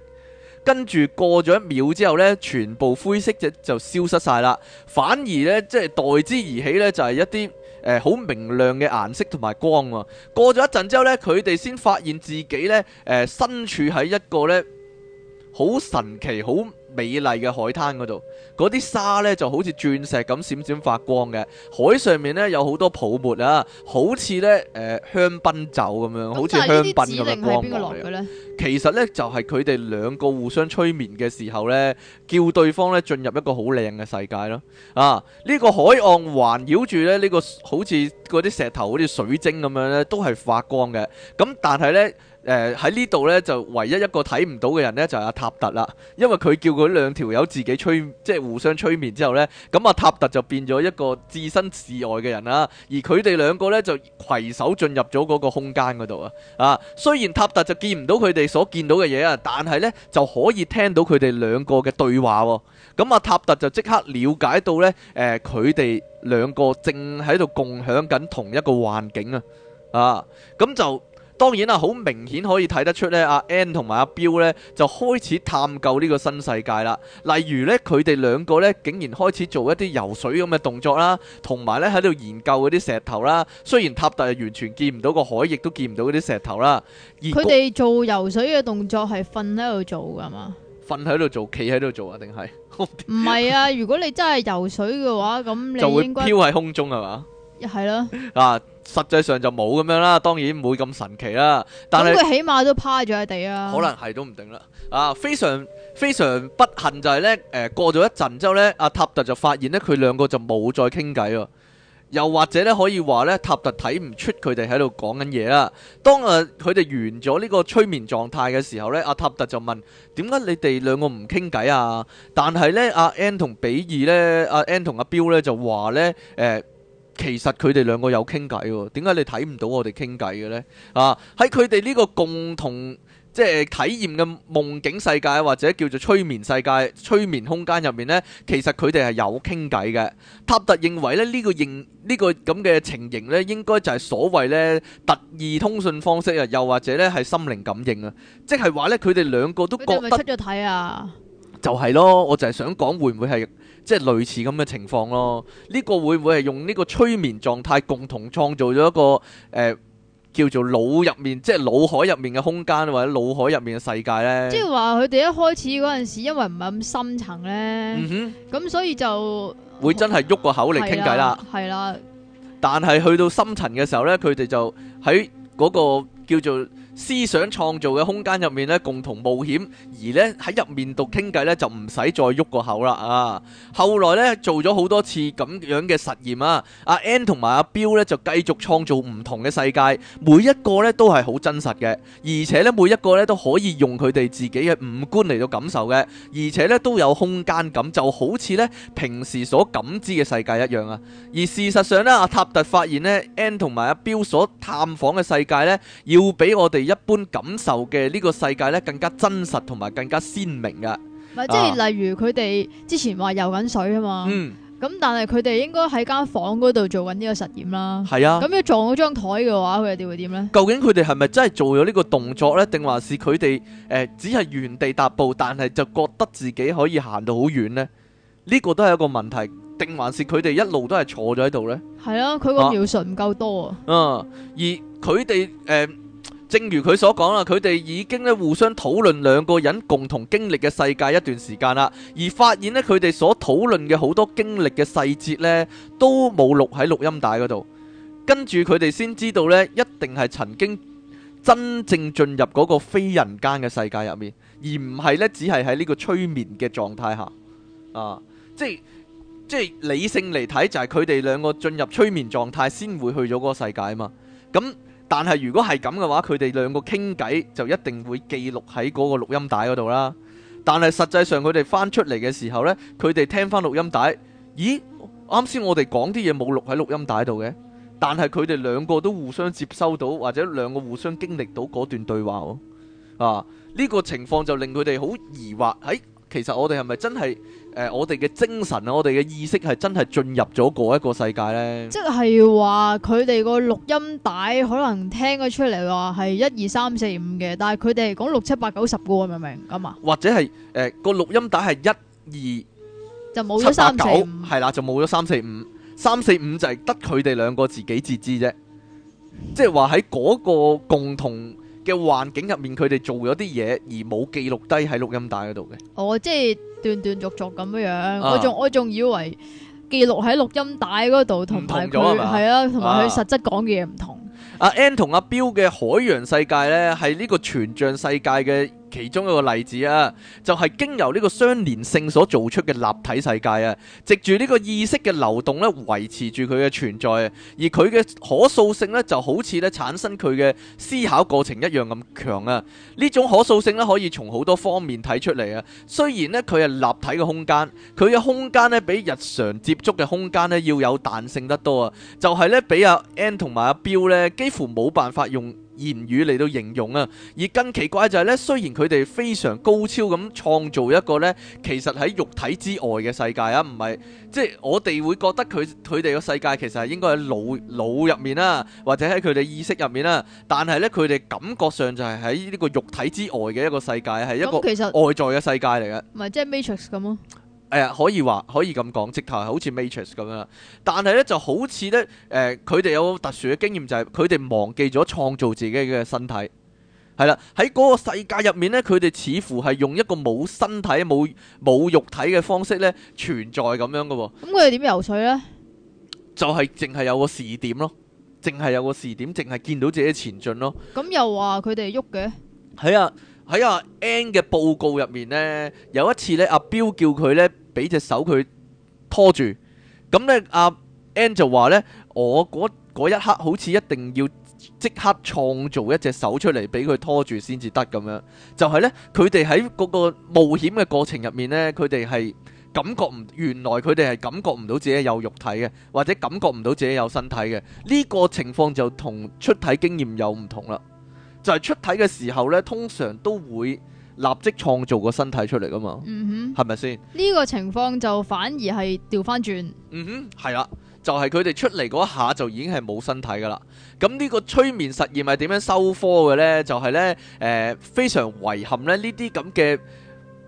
Speaker 2: 跟住過咗一秒之後呢，全部灰色就消失晒啦。反而呢，即係代之而起呢，就係一啲誒好明亮嘅顏色同埋光喎。過咗一陣之後呢，佢哋先發現自己呢，誒身處喺一個呢好神奇好美麗嘅海灘嗰度，嗰啲沙呢就好似鑽石咁閃閃發光嘅，海上面呢，有好多泡沫啊，好似呢誒、呃、香檳酒咁樣，好似香檳咁樣光，光的。嗱，呢
Speaker 1: 啲指令係邊嚟嘅呢？
Speaker 2: 嘅其實呢，就係佢哋兩個互相催眠嘅時候呢，叫對方呢進入一個好靚嘅世界咯。啊，呢、這個海岸環繞住呢，呢個好似嗰啲石頭好似水晶咁樣呢，都係發光嘅。咁但係呢。誒喺呢度呢，就唯一一個睇唔到嘅人呢，就係、是、阿塔特啦，因為佢叫嗰兩條友自己吹即係互相催眠之後呢，咁阿塔特就變咗一個置身事外嘅人啦。而佢哋兩個呢，就攜手進入咗嗰個空間嗰度啊！啊，雖然塔特就見唔到佢哋所見到嘅嘢啊，但係呢，就可以聽到佢哋兩個嘅對話喎。咁、啊、阿塔特就即刻了解到呢，誒佢哋兩個正喺度共享緊同一個環境啊！啊，咁就。當然啊，好明顯可以睇得出咧，阿 N 同埋阿彪咧就開始探究呢個新世界啦。例如咧，佢哋兩個咧竟然開始做一啲游水咁嘅動作啦，同埋咧喺度研究嗰啲石頭啦。雖然塔特完全見唔到個海，亦都見唔到嗰啲石頭啦。而佢哋
Speaker 1: 做游水嘅動作係瞓喺度做噶嘛？
Speaker 2: 瞓喺度做，企喺度做啊？定係？
Speaker 1: 唔係啊！如果你真係游水嘅話，咁你就會漂喺空中係嘛？係咯。
Speaker 2: 啊！實際上就冇咁樣啦，當然唔會咁神奇啦。但係，咁佢起
Speaker 1: 碼都趴咗喺地啊。可能
Speaker 2: 係都唔定啦。啊，非常非常不幸就係咧，誒過咗一陣之後咧，阿塔特就發現咧，佢兩個就冇再傾偈喎。又或者咧，可以話咧，塔特睇唔出佢哋喺度講緊嘢啦。當啊佢哋完咗呢個催眠狀態嘅時候咧，阿塔特就問：點解你哋兩個唔傾偈啊？但係咧，阿 N 同比爾咧，阿 N 同阿彪咧就話咧，誒。其實佢哋兩個有傾偈喎，點解你睇唔到我哋傾偈嘅呢？啊，喺佢哋呢個共同即係體驗嘅夢境世界，或者叫做催眠世界、催眠空間入面呢，其實佢哋係有傾偈嘅。塔特認為咧，呢個認呢、呢個咁嘅情形呢，應該就係所謂呢特異通訊方式啊，又或者呢係心靈感應啊，即係話呢，佢哋兩個都覺得出咗睇啊，就係咯，我就係想講會唔會係？即係類似咁嘅情況咯，呢、呢個會唔會係用呢個催眠狀態共同創造咗一個誒、呃、叫做腦入面，即係腦海入面嘅空間或者腦海入面嘅世界呢？即係
Speaker 1: 話佢哋一開始嗰陣時，因為唔係咁深層呢，咁、嗯、哼所以就
Speaker 2: 會真係喐個口嚟傾偈啦。係啦、啊，係啊，但係去到深層嘅時候呢，佢哋就喺嗰個叫做。思想創造嘅空間入面咧，共同冒險，而咧喺入面度傾偈咧就唔使再喐個口啦啊！後來咧做咗好多次咁樣嘅實驗啊，阿 N 同埋阿標咧就繼續創造唔同嘅世界，每一個咧都係好真實嘅，而且咧每一個咧都可以用佢哋自己嘅五官嚟,到感受嘅，而且咧都有空間感，就好似咧平時所感知嘅世界一樣啊！而事實上咧，阿塔特發現咧，N 同埋阿標所探訪嘅世界咧，要俾我哋。一般感受嘅呢個世界呢，更加真實同埋更加鮮明嘅。
Speaker 1: 唔即係、啊、例如佢哋之前話游緊水啊嘛，嗯，咁但係佢哋應該喺間房嗰度做緊呢個實驗啦。係啊，咁你撞咗張台嘅話，佢哋會點呢？
Speaker 2: 究竟佢哋係咪真係做咗呢個動作呢？定還是佢哋誒只係原地踏步，但係就覺得自己可以行到好遠呢？呢、呢個都係一個問題，定還是佢哋一路都係坐咗喺度呢？
Speaker 1: 係啊，佢個描述唔夠多啊，
Speaker 2: 啊。嗯，而佢哋誒。呃正如佢所講啦，佢哋已經咧互相討論兩個人共同經歷嘅世界一段時間啦，而發現咧佢哋所討論嘅好多經歷嘅細節呢，都冇錄喺錄音帶嗰度。跟住佢哋先知道呢，一定係曾經真正進入嗰個非人間嘅世界入面，而唔係呢，只係喺呢個催眠嘅狀態下啊！即係即係理性嚟睇，就係佢哋兩個進入催眠狀態先會去咗嗰個世界嘛。咁、嗯但係如果係咁嘅話，佢哋兩個傾偈就一定會記錄喺嗰個錄音帶嗰度啦。但係實際上佢哋翻出嚟嘅時候呢，佢哋聽翻錄音帶，咦？啱先我哋講啲嘢冇錄喺錄音帶度嘅，但係佢哋兩個都互相接收到，或者兩個互相經歷到嗰段對話喎。啊，呢個情況就令佢哋好疑惑，喺、哎、其實我哋係咪真係？誒、呃，我哋嘅精神啊，我哋嘅意識係真係進入咗嗰一個世界呢。即
Speaker 1: 係話佢哋個錄音帶可能聽咗出嚟話係一二三四五嘅，但係佢哋講六七八九十個，明唔明咁啊？
Speaker 2: 或者係誒個錄音帶係一二，
Speaker 1: 就冇咗三四，
Speaker 2: 係啦，就冇咗三四五，三四五就係得佢哋兩個自己自知知啫。即係話喺嗰個共同。嘅環境入面，佢哋做咗啲嘢而冇記錄低喺錄音帶嗰度嘅。
Speaker 1: 哦，即係斷斷續續咁樣，啊、我仲我仲以為記錄喺錄音帶嗰度，同埋佢啊，同埋佢實質講嘅嘢唔同。
Speaker 2: 阿 N 同阿彪嘅海洋世界呢，係呢個全像世界嘅。其中一個例子啊，就係、是、經由呢個相連性所做出嘅立體世界啊，藉住呢個意識嘅流動咧維持住佢嘅存在啊，而佢嘅可塑性咧就好似咧產生佢嘅思考過程一樣咁強啊！呢種可塑性咧可以從好多方面睇出嚟啊。雖然呢，佢係立體嘅空間，佢嘅空間呢，比日常接觸嘅空間呢，要有彈性得多啊。就係、是、咧比阿 N 同埋阿彪呢，幾乎冇辦法用，言語嚟到形容啊，而更奇怪就係咧，雖然佢哋非常高超咁創造一個咧，其實喺肉體之外嘅世界啊，唔係即係我哋會覺得佢佢哋個世界其實係應該喺腦腦入面啦，或者喺佢哋意識入面啦，但係咧佢哋感覺上就係喺呢個肉體之外嘅一個世界，係一個外在嘅世界嚟嘅，
Speaker 1: 唔係即係 Matrix 咁咯。
Speaker 2: 誒、啊、可以話可以咁講，直頭係好似 Matrix 咁樣，但係咧就好似咧，誒佢哋有個特殊嘅經驗，就係佢哋忘記咗創造自己嘅身體。係啦、啊，喺嗰個世界入面咧，佢哋似乎係用一個冇身體、冇冇肉體嘅方式咧存在咁樣嘅喎、啊。
Speaker 1: 咁佢哋點游水咧？
Speaker 2: 就係淨係有個視點咯，淨係有個視點，淨係見到自己前進咯。
Speaker 1: 咁又話佢哋喐嘅？
Speaker 2: 係啊，喺阿 Ann 嘅報告入面咧，有一次咧，阿 Bill 叫佢咧。俾隻手佢拖住，咁呢，阿、啊、Angel 就話呢，我嗰一刻好似一定要即刻創造一隻手出嚟俾佢拖住先至得咁樣。就係、是、呢，佢哋喺嗰個冒險嘅過程入面呢，佢哋係感覺唔，原來佢哋係感覺唔到自己有肉體嘅，或者感覺唔到自己有身體嘅。呢、這個情況就同出體經驗有唔同啦。就係、是、出體嘅時候呢，通常都會。立即創造個身體出嚟㗎嘛，嗯哼，係咪先？
Speaker 1: 呢個情況就反而係調返轉。嗯哼，
Speaker 2: 係啦，就係佢哋出嚟嗰一下就已經係冇身體噶啦。咁呢個催眠實驗係點樣收科嘅呢？就係、是、呢，誒、呃，非常遺憾呢，呢啲咁嘅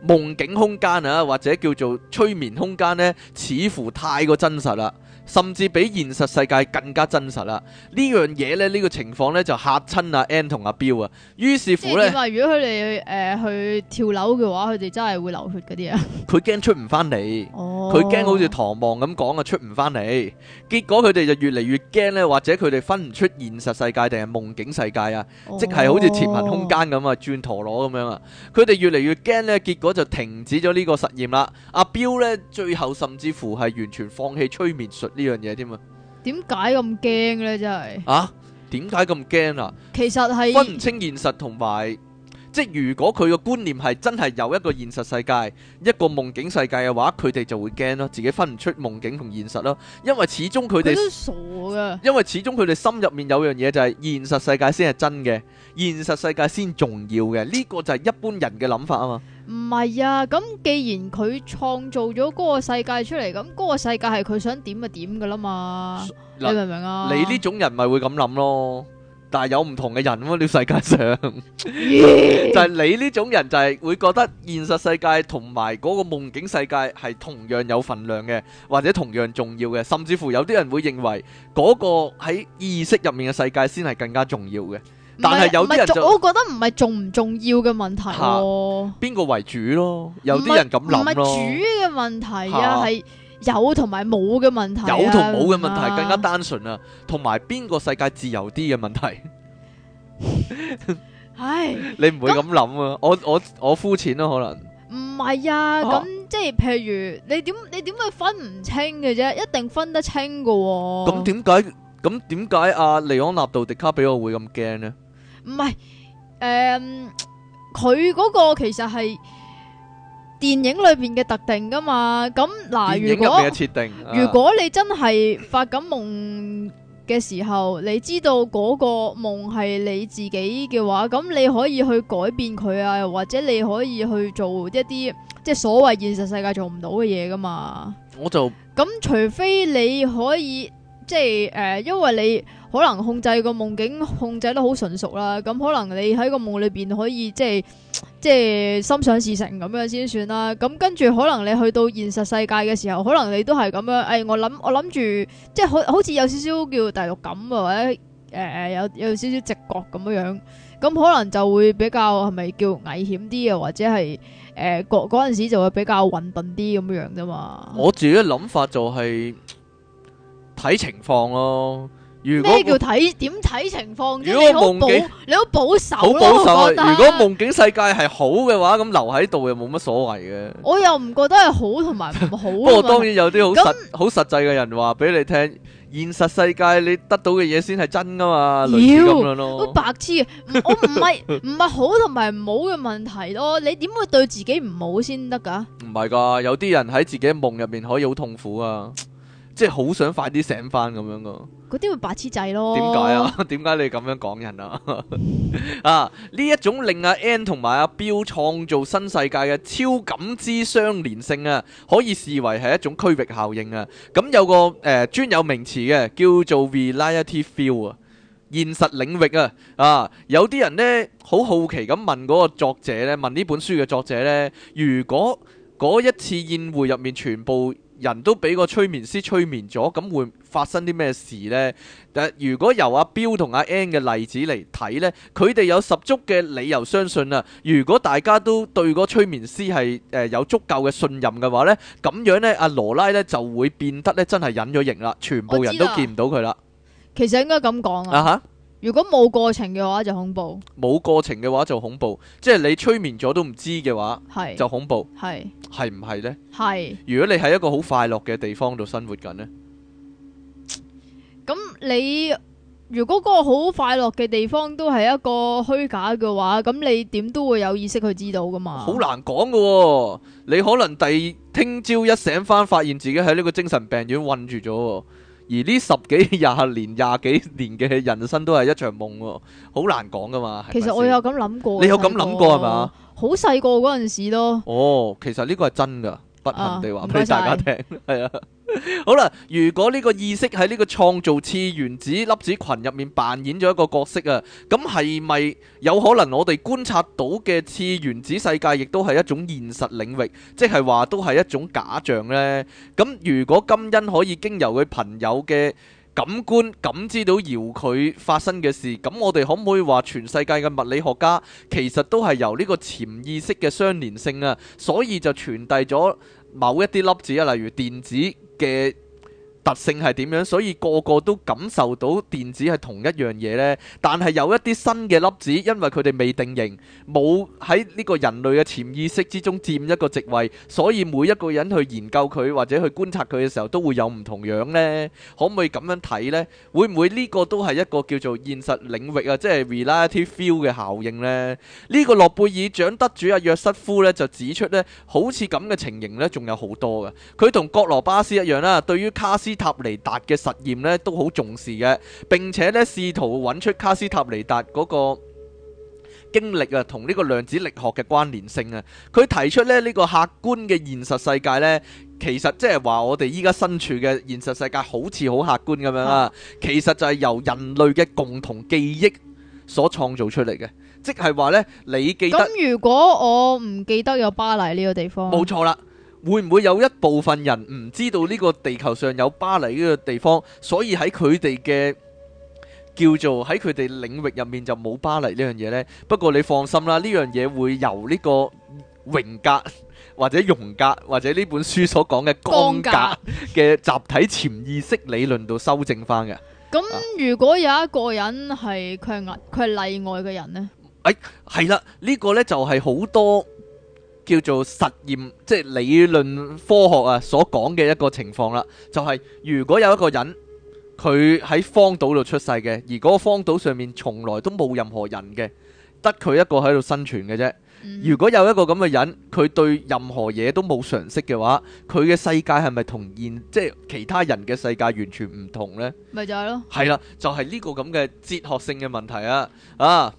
Speaker 2: 夢境空間啊，或者叫做催眠空間呢，似乎太過真實啦。甚至比現實世界更加真實啦！呢樣嘢呢，呢、呢個情況呢，就嚇親阿 N 同阿彪啊。於是乎呢，
Speaker 1: 咧，如果佢哋誒去跳樓嘅話，佢哋真係會流血嗰啲啊。
Speaker 2: 佢驚出唔翻嚟，佢驚、哦、好似唐望咁講啊，出唔翻嚟。結果佢哋就越嚟越驚呢，或者佢哋分唔出現實世界定係夢境世界啊，哦、即係好似潛行空間咁啊，轉陀螺咁樣啊。佢哋越嚟越驚呢，結果就停止咗呢個實驗啦。阿、啊、彪呢，最後甚至乎係完全放棄催眠術。呢樣嘢添啊！
Speaker 1: 點解咁驚呢？真
Speaker 2: 係啊！點解咁驚啊？其實係分唔清現實同埋，即係如果佢個觀念係真係有一個現實世界、一個夢境世界嘅話，佢哋就會驚咯，自己分唔出夢境同現實咯。因為始終佢哋
Speaker 1: 傻噶。
Speaker 2: 因為始終佢哋心入面有樣嘢就係現實世界先係真嘅，現實世界先重要嘅。呢個就係一般人嘅諗法啊嘛。
Speaker 1: 唔係啊，咁既然佢創造咗嗰個世界出嚟，咁嗰個世界係佢想點就點噶啦嘛，所以，你明唔明啊？你呢
Speaker 2: 種人咪會咁諗咯，但係有唔同嘅人咯，呢世界上，啊， 就係你呢種人就係會覺得現實世界同埋嗰個夢境世界係同樣有份量嘅，或者同樣重要嘅，甚至乎有啲人會認為嗰個喺意識入面嘅世界先係更加重要嘅。但係有啲人就，我
Speaker 1: 覺得唔係重唔重要嘅問題咯。
Speaker 2: 邊個為主咯？有啲人咁諗咯。唔係主
Speaker 1: 嘅問題啊，係有同埋冇嘅問題。有同冇嘅問題更加
Speaker 2: 單純啊，同埋邊個世界自由啲嘅問題。唉，
Speaker 1: 你唔會咁
Speaker 2: 諗啊？我我我膚淺咯，可能。
Speaker 1: 唔係啊，咁即係譬如你點你點會分唔清嘅啫？一定分得清噶。咁點
Speaker 2: 解咁點解里安納度狄卡比奧會咁驚呢？
Speaker 1: 唔係，誒，佢、嗯、嗰個其實係電影裏邊嘅特定噶嘛。咁嗱，如果如果你真係發緊夢嘅時候， 你知道嗰個夢係你自己嘅話，咁你可以去改變佢啊，或者你可以去做一啲即係所謂現實世界做唔到嘅嘢噶嘛。我就咁，除非你可以即係誒、呃，因為你。可能控制個夢境控制得好純熟啦，咁可能你喺個夢裏邊可以即係即係心想事成咁樣先算啦。咁跟住可能你去到現實世界嘅時候，可能你都係咁樣。誒，我諗我諗住即係好好似有少少叫第六感或者誒有有少少直覺咁樣樣，咁可能就會比較係咪叫危險啲啊？或者係誒嗰嗰陣時就會比較混沌啲咁樣樣啫嘛。我
Speaker 2: 自己嘅諗法就係睇情況咯。咩叫睇？
Speaker 1: 點睇情況？如果夢境你都保，境你都保守保守、啊。啊、如果夢
Speaker 2: 境世界係好嘅話，咁留喺度又冇乜所謂嘅。
Speaker 1: 我又唔覺得係好同埋唔好。不過 當然有啲好實
Speaker 2: 好那實際嘅人話俾你聽，現實世界你得到嘅嘢先係真噶嘛？要類似咁樣咯。都
Speaker 1: 白痴，我唔係唔係好同埋唔好嘅問題咯。你點會對自己唔好先得噶？
Speaker 2: 唔係噶，有啲人喺自己夢入面可以好痛苦啊。即係好想快啲醒翻咁樣咯，
Speaker 1: 嗰啲會白痴仔咯？點解啊？
Speaker 2: 點解你咁樣講人啊？ 啊！呢一種令阿 N 同埋阿 Bill 創造新世界嘅超感知相連性啊，可以視為係一種區域效應啊。咁有個誒、呃、專有名詞嘅叫做 reality field 啊，現實領域啊。啊！有啲人呢，好好奇咁問嗰個作者呢，問呢本書嘅作者呢，如果嗰一次宴會入面全部。人都俾個催眠師催眠咗，咁會發生啲咩事呢？但係如果由阿彪同阿 N 嘅例子嚟睇呢，佢哋有十足嘅理由相信啊。如果大家都對個催眠師係誒有足夠嘅信任嘅話呢，咁樣呢，阿羅拉呢就會變得呢真係隱咗形啦，全部人都見唔到佢啦。
Speaker 1: 其實應該咁講啊。如果冇過程嘅話就恐怖，
Speaker 2: 冇過程嘅話就恐怖，即係你催眠咗都唔知嘅話，係就恐怖，係係唔係呢？
Speaker 1: 係。
Speaker 2: 如果你喺一個好快樂嘅地方度生活緊呢，
Speaker 1: 咁你如果嗰個好快樂嘅地方都係一個虛假嘅話，咁你點都會有意識去知道噶嘛？好
Speaker 2: 難講噶喎，你可能第聽朝一醒翻，發現自己喺呢個精神病院困住咗。而呢十幾廿年廿幾年嘅人生都係一場夢喎、哦，好難講噶嘛。其實我有
Speaker 1: 咁諗過，你有咁諗過係咪？好細個嗰陣時咯。
Speaker 2: 哦，其實呢個係真㗎。不問地話俾大家聽，係啊，好啦， 如果呢個意識喺呢個創造次原子粒子群入面扮演咗一個角色啊，咁係咪有可能我哋觀察到嘅次原子世界亦都係一種現實領域，即係話都係一種假象呢？咁如果金恩可以經由佢朋友嘅感官感知到遙距發生嘅事，咁我哋可唔可以話全世界嘅物理學家其實都係由呢個潛意識嘅相連性啊，所以就傳遞咗？某一啲粒子啊，例如電子嘅。特性係點樣？所以個個都感受到電子係同一樣嘢咧。但係有一啲新嘅粒子，因為佢哋未定型，冇喺呢個人類嘅潛意識之中佔一個席位，所以每一個人去研究佢或者去觀察佢嘅時候，都會有唔同樣咧。可唔可以咁樣睇咧？會唔會呢個都係一個叫做現實領域啊？即係 relative feel 嘅效應咧？呢個諾貝爾獎得主阿約瑟夫咧就指出咧，好似咁嘅情形咧，仲有好多嘅。佢同格羅巴斯一樣啦，對於卡斯塔尼達嘅實驗咧都好重視嘅，並且咧試圖揾出卡斯塔尼達嗰個經歷啊，同呢個量子力學嘅關聯性啊。佢提出咧呢、呢個客觀嘅現實世界呢，其實即係話我哋依家身處嘅現實世界好似好客觀咁樣啊，嗯、其實就係由人類嘅共同記憶所創造出嚟嘅，即係話呢：「你記得，咁
Speaker 1: 如果我唔記得有巴黎呢個地方，沒錯了，冇錯
Speaker 2: 啦。會唔會有一部分人唔知道呢個地球上有巴黎呢個地方，所以喺佢哋嘅，叫做喺佢哋領域入面就冇巴黎呢樣嘢咧？不過你放心啦，呢樣嘢會由呢個榮格或者榮格或者呢本書所講嘅光格嘅集體潛意識理論度修正翻嘅。
Speaker 1: 咁如果有一個人係佢係佢係例外嘅人咧？
Speaker 2: 誒，係啦，呢個咧就係好多。叫做實驗，即係理論科學啊，所講嘅一個情況啦，就係、是、如果有一個人佢喺荒島度出世嘅，而嗰個荒島上面從來都冇任何人嘅，得佢一個喺度生存嘅啫。嗯、如果有一個咁嘅人，佢對任何嘢都冇常識嘅話，佢嘅世界係咪同現即係其他人嘅世界完全唔同呢？
Speaker 1: 咪就係咯，
Speaker 2: 係啦，就係、是、呢個咁嘅哲學性嘅問題啊！啊，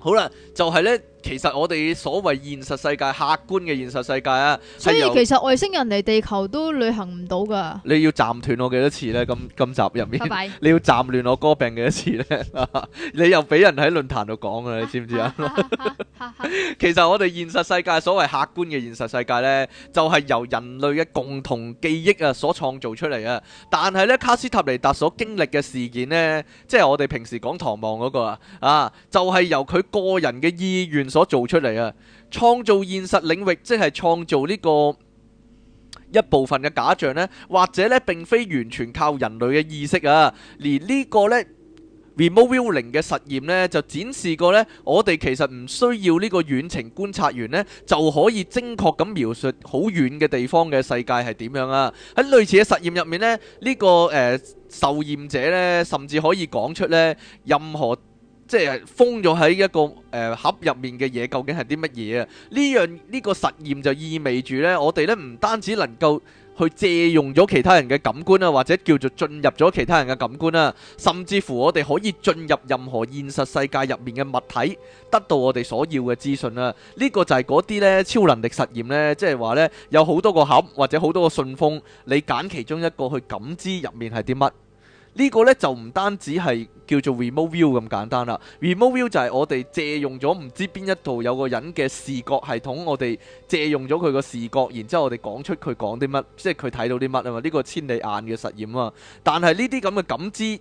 Speaker 2: 好啦，就係、是、呢。其實我哋所謂現實世界、客觀嘅現實世界啊，所以其實
Speaker 1: 外星人嚟地球都旅行唔到㗎。
Speaker 2: 你要暫斷我幾多次呢？咁今集入面，你要暫亂我哥病幾多次呢？你又俾人喺論壇度講啊？你知唔知啊？其實我哋現實世界所謂客觀嘅現實世界呢，就係由人類嘅共同記憶啊所創造出嚟啊。但係呢，卡斯塔尼達所經歷嘅事件呢，即係我哋平時講唐望嗰個啊啊，就係由佢個人嘅意願。所做出嚟啊，創造現實領域，即係創造呢個一部分嘅假象呢，或者呢，並非完全靠人類嘅意識啊。而呢個呢 remote viewing 嘅實驗呢，就展示過呢，我哋其實唔需要呢個遠程觀察員呢，就可以精確咁描述好遠嘅地方嘅世界係點樣啊。喺類似嘅實驗入面呢，呢、呢個誒、呃、受驗者呢，甚至可以講出呢任何。即係封咗喺一個誒盒入面嘅嘢，究竟係啲乜嘢啊？呢樣呢個實驗就意味住咧，我哋咧唔單止能夠去借用咗其他人嘅感官啦，或者叫做進入咗其他人嘅感官啦，甚至乎我哋可以進入任何現實世界入面嘅物體，得到我哋所要嘅資訊啦。呢個就係嗰啲咧超能力實驗咧，即係話咧有好多個盒或者好多個信封，你揀其中一個去感知入面係啲乜。呢個呢，就唔單止係叫做 remote view 咁簡單啦。remote view 就係我哋借用咗唔知邊一度有個人嘅視覺系統，我哋借用咗佢個視覺，然之後我哋講出佢講啲乜，即係佢睇到啲乜啊嘛，呢、呢個千里眼嘅實驗啊，嘛，但係呢啲咁嘅感知。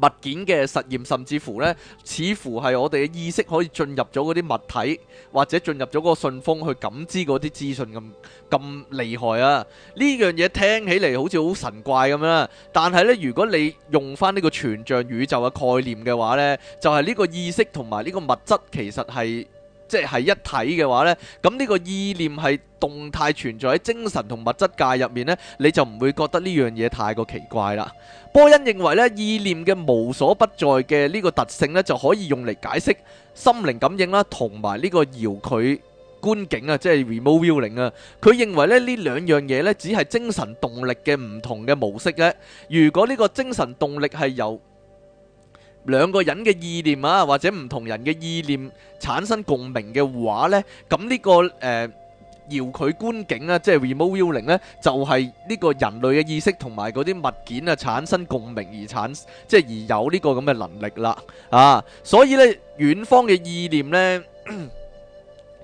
Speaker 2: 物件嘅實驗，甚至乎呢，似乎係我哋嘅意識可以進入咗嗰啲物體，或者進入咗個信封去感知嗰啲資訊咁咁厲害啊！呢樣嘢聽起嚟好似好神怪咁樣，但係呢，如果你用翻呢個全像宇宙嘅概念嘅話呢就係、是、呢個意識同埋呢個物質其實係。即係一體嘅話呢，咁呢個意念係動態存在喺精神同物質界入面呢，你就唔會覺得呢樣嘢太過奇怪啦。波恩認為呢，意念嘅無所不在嘅呢個特性呢，就可以用嚟解釋心靈感應啦，同埋呢個遙距觀景啊，即係 remote viewing 啊。佢認為呢兩樣嘢呢，只係精神動力嘅唔同嘅模式呢，如果呢個精神動力係由兩個人嘅意念啊，或者唔同人嘅意念產生共鳴嘅話咧，咁呢個誒遙距觀景啊，即係 remote viewing 咧，就係呢個人類嘅意識同埋嗰啲物件啊產生共鳴而產，即係而有呢個咁嘅能力啦，啊，所以咧遠方嘅意念咧，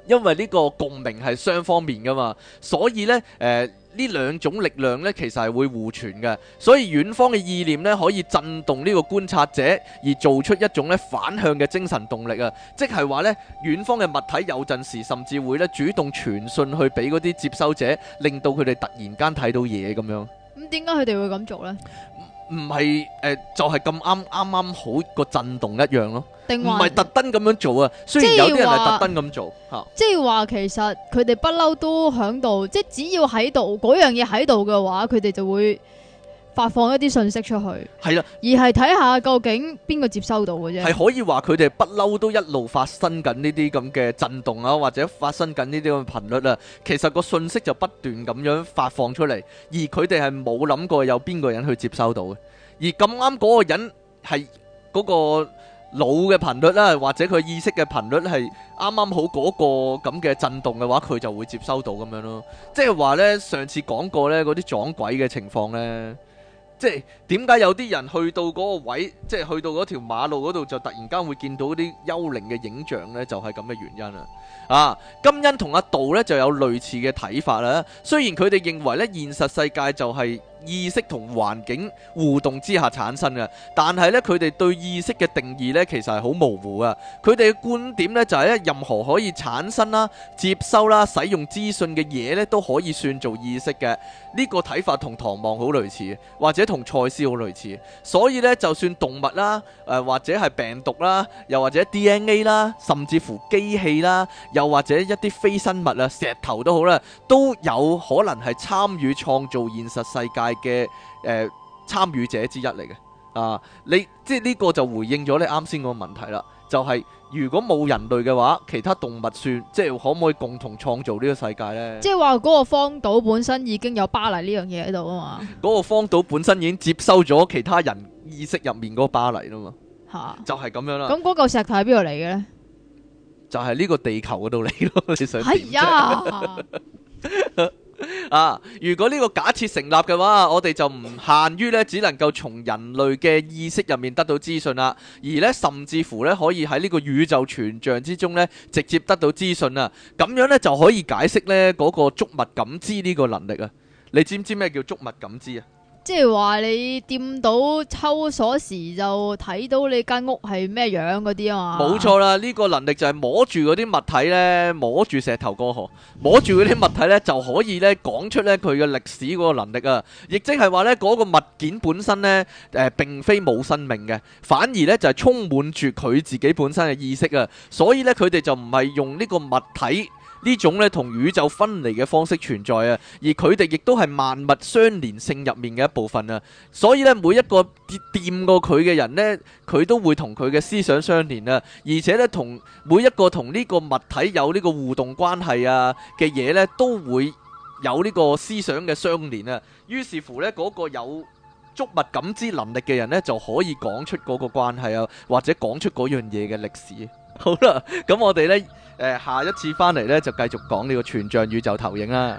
Speaker 2: 因為呢個共鳴係雙方面噶嘛，所以咧誒。呢兩種力量呢，其實係會互傳嘅，所以遠方嘅意念呢，可以震動呢個觀察者，而做出一種咧反向嘅精神動力啊！即係話呢，遠方嘅物體有陣時甚至會咧主動傳信去俾嗰啲接收者，令到佢哋突然間睇到嘢咁樣，
Speaker 1: 嗯，咁點解佢哋會咁做呢？
Speaker 2: 唔係誒，就係咁啱啱啱好個震動一樣咯。唔係特登咁樣做啊，雖然有啲人係特登咁做，
Speaker 1: 即係話其實佢哋不嬲都喺度，即係只要喺度嗰樣嘢喺度嘅話，佢哋就會發放一啲信息出去。係啦，而係睇下究竟邊個接收到嘅啫。係
Speaker 2: 可以話佢哋不嬲都一路發生緊呢啲咁嘅震動啊，或者發生緊呢啲咁嘅頻率啊。其實個信息就不斷咁樣發放出嚟，而佢哋係冇諗過有邊個人去接收到嘅。而咁啱嗰個人係嗰個。腦嘅頻率啦，或者佢意識嘅頻率係啱啱好嗰個咁嘅震動嘅話，佢就會接收到咁樣咯。即係話呢，上次講過呢嗰啲撞鬼嘅情況呢，即係點解有啲人去到嗰個位，即係去到嗰條馬路嗰度就突然間會見到啲幽靈嘅影像呢？就係咁嘅原因啦。啊，金恩同阿道呢，就有類似嘅睇法啦。雖然佢哋認為呢，現實世界就係意識同環境互動之下產生嘅，但係咧佢哋對意識嘅定義咧其實係好模糊嘅。佢哋嘅觀點咧就係咧任何可以產生啦、接收啦、使用資訊嘅嘢咧都可以算做意識嘅。呢個睇法同唐望好類似，或者同賽斯好類似。所以咧，就算動物啦、呃、或者係病毒啦，又或者 DNA 啦，甚至乎機器啦，又或者一啲非生物啊、石頭都好啦，都有可能係參與創造現實世界嘅誒，參與、呃、者之一嚟嘅啊，你即係呢個就回應咗你啱先個問題啦，就係、是、如果冇人類嘅話，其他動物算即係可唔可以共同創造呢個世界呢？即係話
Speaker 1: 嗰個荒島本身已經有巴黎呢樣嘢喺度啊嘛，
Speaker 2: 嗰個荒島本身已經接收咗其他人意識入面嗰個巴黎啦嘛，吓、啊、就係咁樣啦。咁嗰
Speaker 1: 嚿石頭喺邊度嚟嘅呢？
Speaker 2: 就係呢個地球嗰度嚟咯，你想點呀？ 呀 啊！如果呢個假設成立嘅話，我哋就唔限於咧，只能夠從人類嘅意識入面得到資訊啦，而咧甚至乎咧可以喺呢個宇宙全像之中咧直接得到資訊啦。咁樣咧就可以解釋呢嗰個觸物感知呢個能力啊。你知唔知咩叫觸物感知啊？
Speaker 1: 即係話你掂到抽鎖匙就睇到你間屋係咩樣嗰啲啊嘛，冇錯
Speaker 2: 啦！呢個能力就係摸住嗰啲物體呢，摸住石頭過河，摸住嗰啲物體呢，就可以呢講出呢佢嘅歷史嗰個能力啊！亦即係話呢嗰個物件本身呢，誒、呃，並非冇生命嘅，反而呢就係充滿住佢自己本身嘅意識啊！所以呢，佢哋就唔係用呢個物體。呢種咧同宇宙分離嘅方式存在啊，而佢哋亦都係萬物相連性入面嘅一部分啊。所以咧，每一個掂過佢嘅人咧，佢都會同佢嘅思想相連啊。而且咧，同每一個同呢個物體有呢個互動關係啊嘅嘢咧，都會有呢個思想嘅相連啊。於是乎咧，嗰個有觸物感知能力嘅人咧，就可以講出嗰個關係啊，或者講出嗰樣嘢嘅歷史。好啦，咁我哋呢，誒，下一次翻嚟呢，就繼續講呢個全像宇宙投影啦。